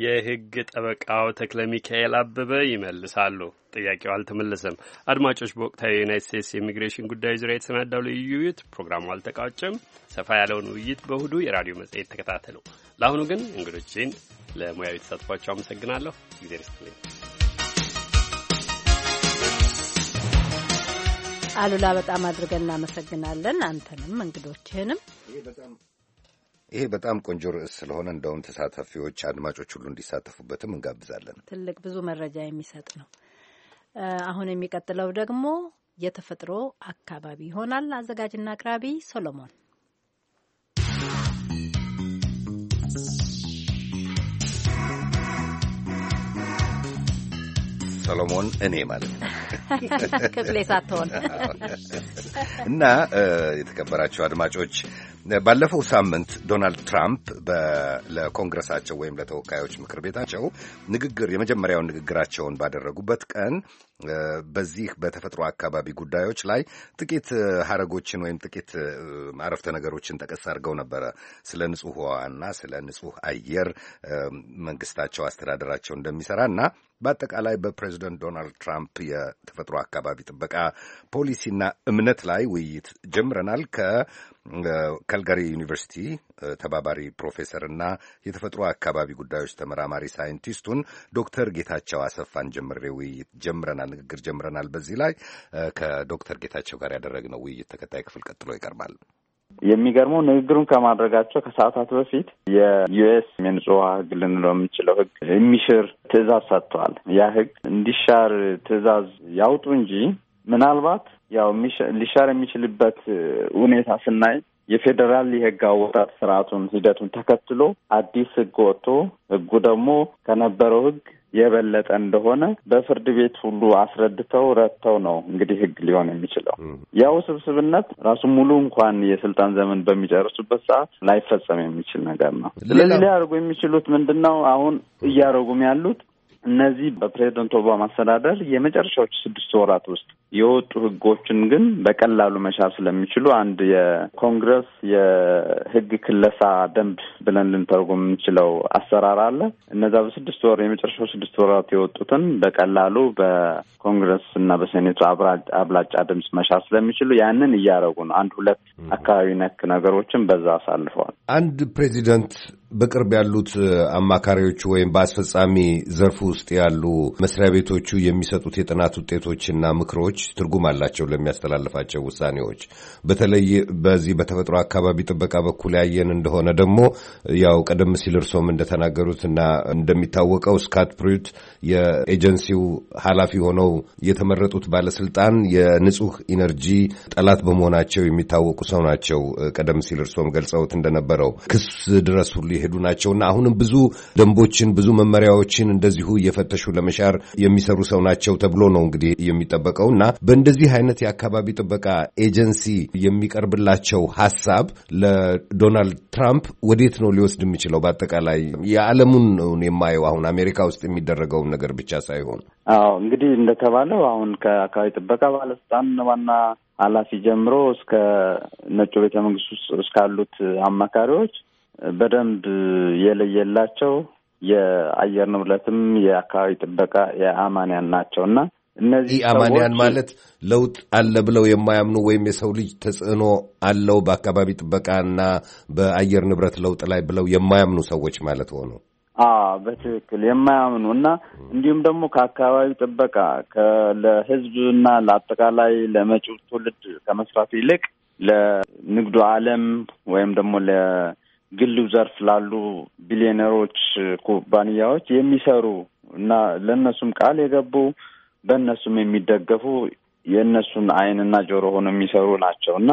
የህግ ጠበቃው ተክለ ሚካኤል አበበ ይመልሳሉ። ጥያቄው አልተመለሰም። አድማጮች፣ በወቅታዊ የዩናይት ስቴትስ የኢሚግሬሽን ጉዳይ ዙሪያ የተሰናዳው ልዩ ውይይት ፕሮግራሙ አልተቋጨም። ሰፋ ያለውን ውይይት በእሁዱ የራዲዮ መጽሔት ተከታተሉ። ለአሁኑ ግን እንግዶችን ለሙያዊ ተሳትፏቸው አመሰግናለሁ። ጊዜ ርስትልኝ አሉላ፣ በጣም አድርገን እናመሰግናለን። አንተንም እንግዶችህንም ይሄ በጣም ቆንጆ ርዕስ ስለሆነ እንደውም ተሳታፊዎች አድማጮች ሁሉ እንዲሳተፉበትም እንጋብዛለን። ትልቅ ብዙ መረጃ የሚሰጥ ነው። አሁን የሚቀጥለው ደግሞ የተፈጥሮ አካባቢ ይሆናል። አዘጋጅና አቅራቢ ሶሎሞን ሰሎሞን እኔ ማለት ነው። ክፍሌ ሳትሆን እና የተከበራችሁ አድማጮች ባለፈው ሳምንት ዶናልድ ትራምፕ ለኮንግረሳቸው ወይም ለተወካዮች ምክር ቤታቸው ንግግር የመጀመሪያውን ንግግራቸውን ባደረጉበት ቀን በዚህ በተፈጥሮ አካባቢ ጉዳዮች ላይ ጥቂት ሀረጎችን ወይም ጥቂት አረፍተ ነገሮችን ጠቀስ አድርገው ነበረ። ስለ ንጹህ ውሃና ስለ ንጹህ አየር መንግስታቸው፣ አስተዳደራቸው እንደሚሰራ እና በአጠቃላይ በፕሬዚደንት ዶናልድ ትራምፕ የተፈጥሮ አካባቢ ጥበቃ ፖሊሲና እምነት ላይ ውይይት ጀምረናል ከ ከልጋሪ ዩኒቨርሲቲ ተባባሪ ፕሮፌሰርና የተፈጥሮ አካባቢ ጉዳዮች ተመራማሪ ሳይንቲስቱን ዶክተር ጌታቸው አሰፋን ጀምሬ ውይይት ጀምረናል፣ ንግግር ጀምረናል። በዚህ ላይ ከዶክተር ጌታቸው ጋር ያደረግነው ውይይት ተከታይ ክፍል ቀጥሎ ይቀርባል። የሚገርመው ንግግሩን ከማድረጋቸው ከሰዓታት በፊት የዩኤስ የንጹህ ውሃ ህግ ልንለው የምንችለው ህግ የሚሽር ትዕዛዝ ሰጥተዋል። ያ ህግ እንዲሻር ትዕዛዝ ያውጡ እንጂ ምናልባት ያው ሊሻር የሚችልበት ሁኔታ ስናይ የፌዴራል የህግ አወጣት ስርዓቱን ሂደቱን ተከትሎ አዲስ ህግ ወጥቶ ህጉ ደግሞ ከነበረው ህግ የበለጠ እንደሆነ በፍርድ ቤት ሁሉ አስረድተው ረድተው ነው እንግዲህ ህግ ሊሆን የሚችለው። ያው ስብስብነት ራሱ ሙሉ እንኳን የስልጣን ዘመን በሚጨርሱበት ሰዓት ላይፈጸም የሚችል ነገር ነው። ስለዚህ ሊያደርጉ የሚችሉት ምንድን ነው? አሁን እያደረጉም ያሉት እነዚህ በፕሬዝደንት ኦባማ አስተዳደር የመጨረሻዎች ስድስት ወራት ውስጥ የወጡ ህጎችን ግን በቀላሉ መሻር ስለሚችሉ አንድ የኮንግረስ የህግ ክለሳ ደንብ ብለን ልንተርጉም የምንችለው አሰራር አለ። እነዛ በስድስት ወር የመጨረሻው ስድስት ወራት የወጡትን በቀላሉ በኮንግረስ እና በሴኔቱ አብላጫ ድምፅ መሻር ስለሚችሉ ያንን እያደረጉ ነው። አንድ ሁለት አካባቢ ነክ ነገሮችን በዛ አሳልፈዋል። አንድ ፕሬዚደንት በቅርብ ያሉት አማካሪዎቹ ወይም በአስፈጻሚ ዘርፍ ውስጥ ያሉ መስሪያ ቤቶቹ የሚሰጡት የጥናት ውጤቶችና ምክሮች ትርጉም አላቸው ለሚያስተላልፋቸው ውሳኔዎች። በተለይ በዚህ በተፈጥሮ አካባቢ ጥበቃ በኩል ያየን እንደሆነ ደግሞ ያው ቀደም ሲል እርሶም እንደተናገሩት እና እንደሚታወቀው ስካት ፕሪት የኤጀንሲው ኃላፊ ሆነው የተመረጡት ባለስልጣን የንጹህ ኢነርጂ ጠላት በመሆናቸው የሚታወቁ ሰው ናቸው። ቀደም ሲል እርሶም ገልጸውት እንደነበረው ክስ ድረስ ሁሉ እየሄዱ ናቸውና አሁንም ብዙ ደንቦችን ብዙ መመሪያዎችን እንደዚሁ እየፈተሹ ለመሻር የሚሰሩ ሰው ናቸው ተብሎ ነው እንግዲህ የሚጠበቀው እና በእንደዚህ አይነት የአካባቢ ጥበቃ ኤጀንሲ የሚቀርብላቸው ሀሳብ ለዶናልድ ትራምፕ ወዴት ነው ሊወስድ የሚችለው? በአጠቃላይ የዓለሙን የማየው አሁን አሜሪካ ውስጥ የሚደረገውን ነገር ብቻ ሳይሆን አዎ እንግዲህ እንደተባለው አሁን ከአካባቢ ጥበቃ ባለስልጣን ዋና ኃላፊ ጀምሮ እስከ ነጩ ቤተ መንግስት ውስጥ እስካሉት አማካሪዎች በደንብ የለየላቸው የአየር ንብረትም የአካባቢ ጥበቃ የአማንያን ናቸው እና እነዚህ አማንያን ማለት ለውጥ አለ ብለው የማያምኑ ወይም የሰው ልጅ ተጽዕኖ አለው በአካባቢ ጥበቃ እና በአየር ንብረት ለውጥ ላይ ብለው የማያምኑ ሰዎች ማለት ሆኑ። አዎ በትክክል የማያምኑ እና እንዲሁም ደግሞ ከአካባቢ ጥበቃ ለህዝብ እና ለአጠቃላይ ለመጪው ትውልድ ከመስራት ይልቅ ለንግዱ ዓለም ወይም ደግሞ ግሉ ዘርፍ ላሉ ቢሊዮነሮች ኩባንያዎች የሚሰሩ እና ለእነሱም ቃል የገቡ በእነሱም የሚደገፉ የእነሱን አይንና ጆሮ ሆነው የሚሰሩ ናቸው እና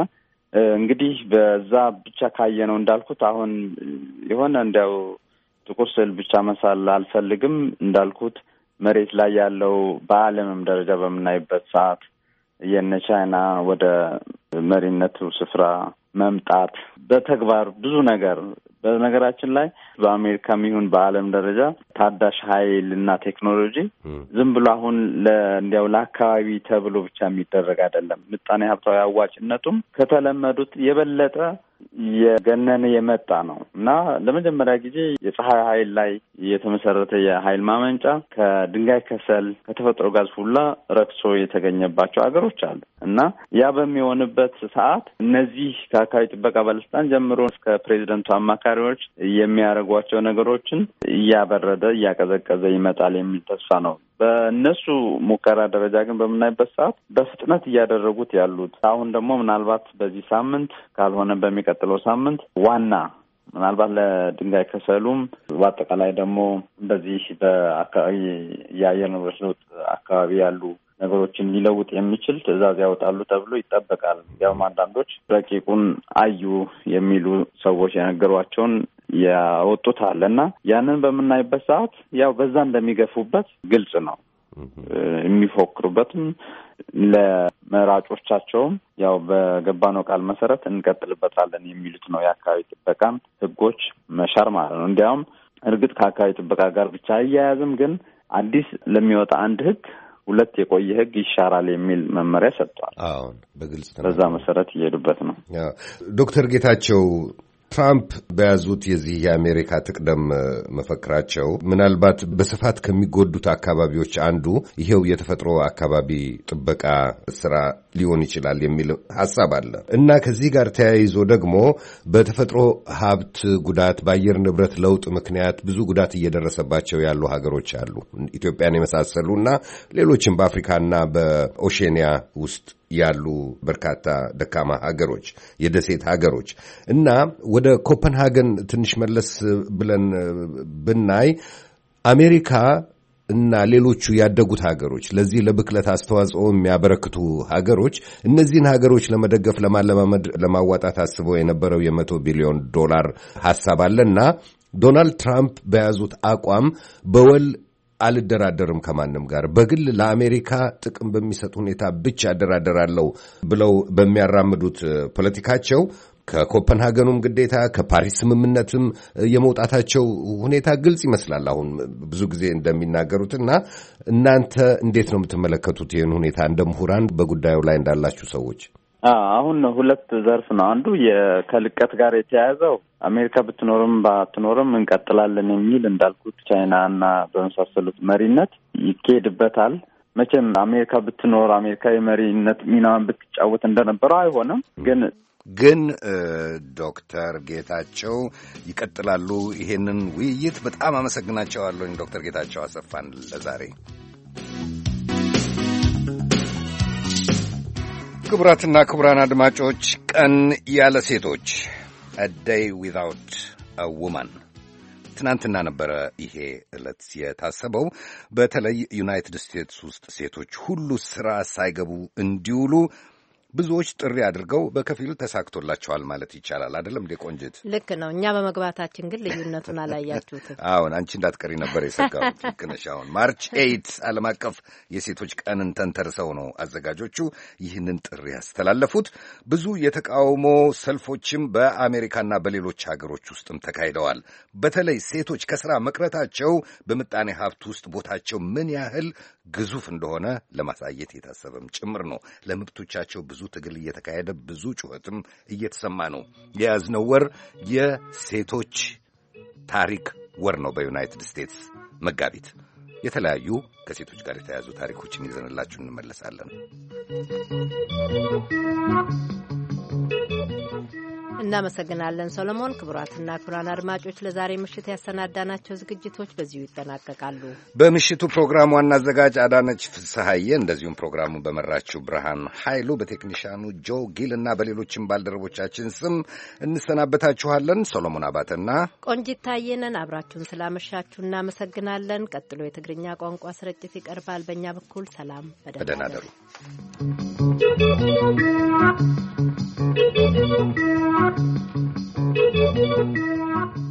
እንግዲህ በዛ ብቻ ካየ ነው እንዳልኩት አሁን የሆነ እንዲያው ጥቁር ስዕል ብቻ መሳል አልፈልግም። እንዳልኩት መሬት ላይ ያለው በዓለምም ደረጃ በምናይበት ሰዓት የነ ቻይና ወደ መሪነቱ ስፍራ መምጣት በተግባር ብዙ ነገር በነገራችን ላይ በአሜሪካም ይሁን በዓለም ደረጃ ታዳሽ ኃይል እና ቴክኖሎጂ ዝም ብሎ አሁን እንዲያው ለአካባቢ ተብሎ ብቻ የሚደረግ አይደለም። ምጣኔ ሀብታዊ አዋጭነቱም ከተለመዱት የበለጠ የገነነ የመጣ ነው እና ለመጀመሪያ ጊዜ የፀሐይ ኃይል ላይ የተመሰረተ የኃይል ማመንጫ ከድንጋይ ከሰል፣ ከተፈጥሮ ጋዝ ሁላ ረክሶ የተገኘባቸው ሀገሮች አሉ እና ያ በሚሆንበት ሰዓት እነዚህ ከአካባቢ ጥበቃ ባለስልጣን ጀምሮ እስከ ፕሬዚደንቱ አማካሪዎች የሚያደርጓቸው ነገሮችን እያበረደ እያቀዘቀዘ ይመጣል የሚል ተስፋ ነው በእነሱ ሙከራ ደረጃ ግን በምናይበት ሰዓት በፍጥነት እያደረጉት ያሉት አሁን ደግሞ ምናልባት በዚህ ሳምንት ካልሆነ በሚቀጥለው ሳምንት ዋና ምናልባት ለድንጋይ ከሰሉም በአጠቃላይ ደግሞ እንደዚህ በአካባቢ የአየር ንብረት ለውጥ አካባቢ ያሉ ነገሮችን ሊለውጥ የሚችል ትዕዛዝ ያወጣሉ ተብሎ ይጠበቃል። ያውም አንዳንዶች ረቂቁን አዩ የሚሉ ሰዎች የነገሯቸውን ያወጡት አለ እና ያንን በምናይበት ሰዓት ያው በዛ እንደሚገፉበት ግልጽ ነው። የሚፎክሩበትም ለመራጮቻቸውም ያው በገባነው ቃል መሰረት እንቀጥልበታለን የሚሉት ነው። የአካባቢ ጥበቃን ህጎች መሻር ማለት ነው። እንዲያውም እርግጥ ከአካባቢ ጥበቃ ጋር ብቻ አያያዝም፣ ግን አዲስ ለሚወጣ አንድ ህግ ሁለት የቆየ ህግ ይሻራል የሚል መመሪያ ሰጥቷል። አሁን በግልጽ በዛ መሰረት እየሄዱበት ነው። ዶክተር ጌታቸው ትራምፕ በያዙት የዚህ የአሜሪካ ትቅደም መፈክራቸው ምናልባት በስፋት ከሚጎዱት አካባቢዎች አንዱ ይሄው የተፈጥሮ አካባቢ ጥበቃ ስራ ሊሆን ይችላል የሚል ሀሳብ አለ እና ከዚህ ጋር ተያይዞ ደግሞ በተፈጥሮ ሀብት ጉዳት፣ በአየር ንብረት ለውጥ ምክንያት ብዙ ጉዳት እየደረሰባቸው ያሉ ሀገሮች አሉ ኢትዮጵያን የመሳሰሉ እና ሌሎችም በአፍሪካና በኦሼኒያ ውስጥ ያሉ በርካታ ደካማ ሀገሮች የደሴት ሀገሮች እና ወደ ኮፐንሃገን ትንሽ መለስ ብለን ብናይ አሜሪካ እና ሌሎቹ ያደጉት ሀገሮች ለዚህ ለብክለት አስተዋጽኦ የሚያበረክቱ ሀገሮች እነዚህን ሀገሮች ለመደገፍ ለማለማመድ ለማዋጣት አስበው የነበረው የመቶ ቢሊዮን ዶላር ሀሳብ እና ዶናልድ ትራምፕ በያዙት አቋም በወል አልደራደርም ከማንም ጋር በግል ለአሜሪካ ጥቅም በሚሰጥ ሁኔታ ብቻ እደራደራለሁ ብለው በሚያራምዱት ፖለቲካቸው ከኮፐንሃገኑም ግዴታ ከፓሪስ ስምምነትም የመውጣታቸው ሁኔታ ግልጽ ይመስላል። አሁን ብዙ ጊዜ እንደሚናገሩት እና እናንተ እንዴት ነው የምትመለከቱት ይህን ሁኔታ እንደ ምሁራን በጉዳዩ ላይ እንዳላችሁ ሰዎች? አሁን ሁለት ዘርፍ ነው። አንዱ ከልቀት ጋር የተያያዘው አሜሪካ ብትኖርም ባትኖርም እንቀጥላለን የሚል እንዳልኩት ቻይና እና በመሳሰሉት መሪነት ይካሄድበታል። መቼም አሜሪካ ብትኖር አሜሪካ የመሪነት ሚና ብትጫወት እንደነበረው አይሆንም ግን ግን ዶክተር ጌታቸው ይቀጥላሉ ይሄንን ውይይት። በጣም አመሰግናቸዋለሁኝ ዶክተር ጌታቸው አሰፋን ለዛሬ። ክቡራትና ክቡራን አድማጮች ቀን ያለ ሴቶች አደይ ዊዛውት ውማን ትናንትና ነበረ ይሄ ዕለት የታሰበው። በተለይ ዩናይትድ ስቴትስ ውስጥ ሴቶች ሁሉ ስራ ሳይገቡ እንዲውሉ ብዙዎች ጥሪ አድርገው በከፊል ተሳክቶላቸዋል ማለት ይቻላል። አይደለም እንዴ ቆንጅት? ልክ ነው። እኛ በመግባታችን ግን ልዩነቱን አላያችሁትም። አሁን አንቺ እንዳትቀሪ ነበር የሰጋው። ልክ ነሽ። አሁን ማርች ኤይት ዓለም አቀፍ የሴቶች ቀንን ተንተርሰው ነው አዘጋጆቹ ይህንን ጥሪ ያስተላለፉት። ብዙ የተቃውሞ ሰልፎችም በአሜሪካና በሌሎች ሀገሮች ውስጥም ተካሂደዋል። በተለይ ሴቶች ከስራ መቅረታቸው በምጣኔ ሀብት ውስጥ ቦታቸው ምን ያህል ግዙፍ እንደሆነ ለማሳየት የታሰበም ጭምር ነው። ለመብቶቻቸው ብዙ ትግል እየተካሄደ ብዙ ጩኸትም እየተሰማ ነው። የያዝነው ወር የሴቶች ታሪክ ወር ነው። በዩናይትድ ስቴትስ መጋቢት የተለያዩ ከሴቶች ጋር የተያያዙ ታሪኮችን ይዘንላችሁ እንመለሳለን። እናመሰግናለን ሰሎሞን። ክቡራትና ክቡራን አድማጮች ለዛሬ ምሽት ያሰናዳናቸው ዝግጅቶች በዚሁ ይጠናቀቃሉ። በምሽቱ ፕሮግራም ዋና አዘጋጅ አዳነች ፍስሐዬ፣ እንደዚሁም ፕሮግራሙን በመራችው ብርሃን ኃይሉ፣ በቴክኒሽያኑ ጆ ጊል እና በሌሎችም ባልደረቦቻችን ስም እንሰናበታችኋለን። ሰሎሞን አባተና ቆንጂት አብራችሁን ስላመሻችሁ እናመሰግናለን። ቀጥሎ የትግርኛ ቋንቋ ስርጭት ይቀርባል። በእኛ በኩል ሰላም፣ በደህና you. Thank you.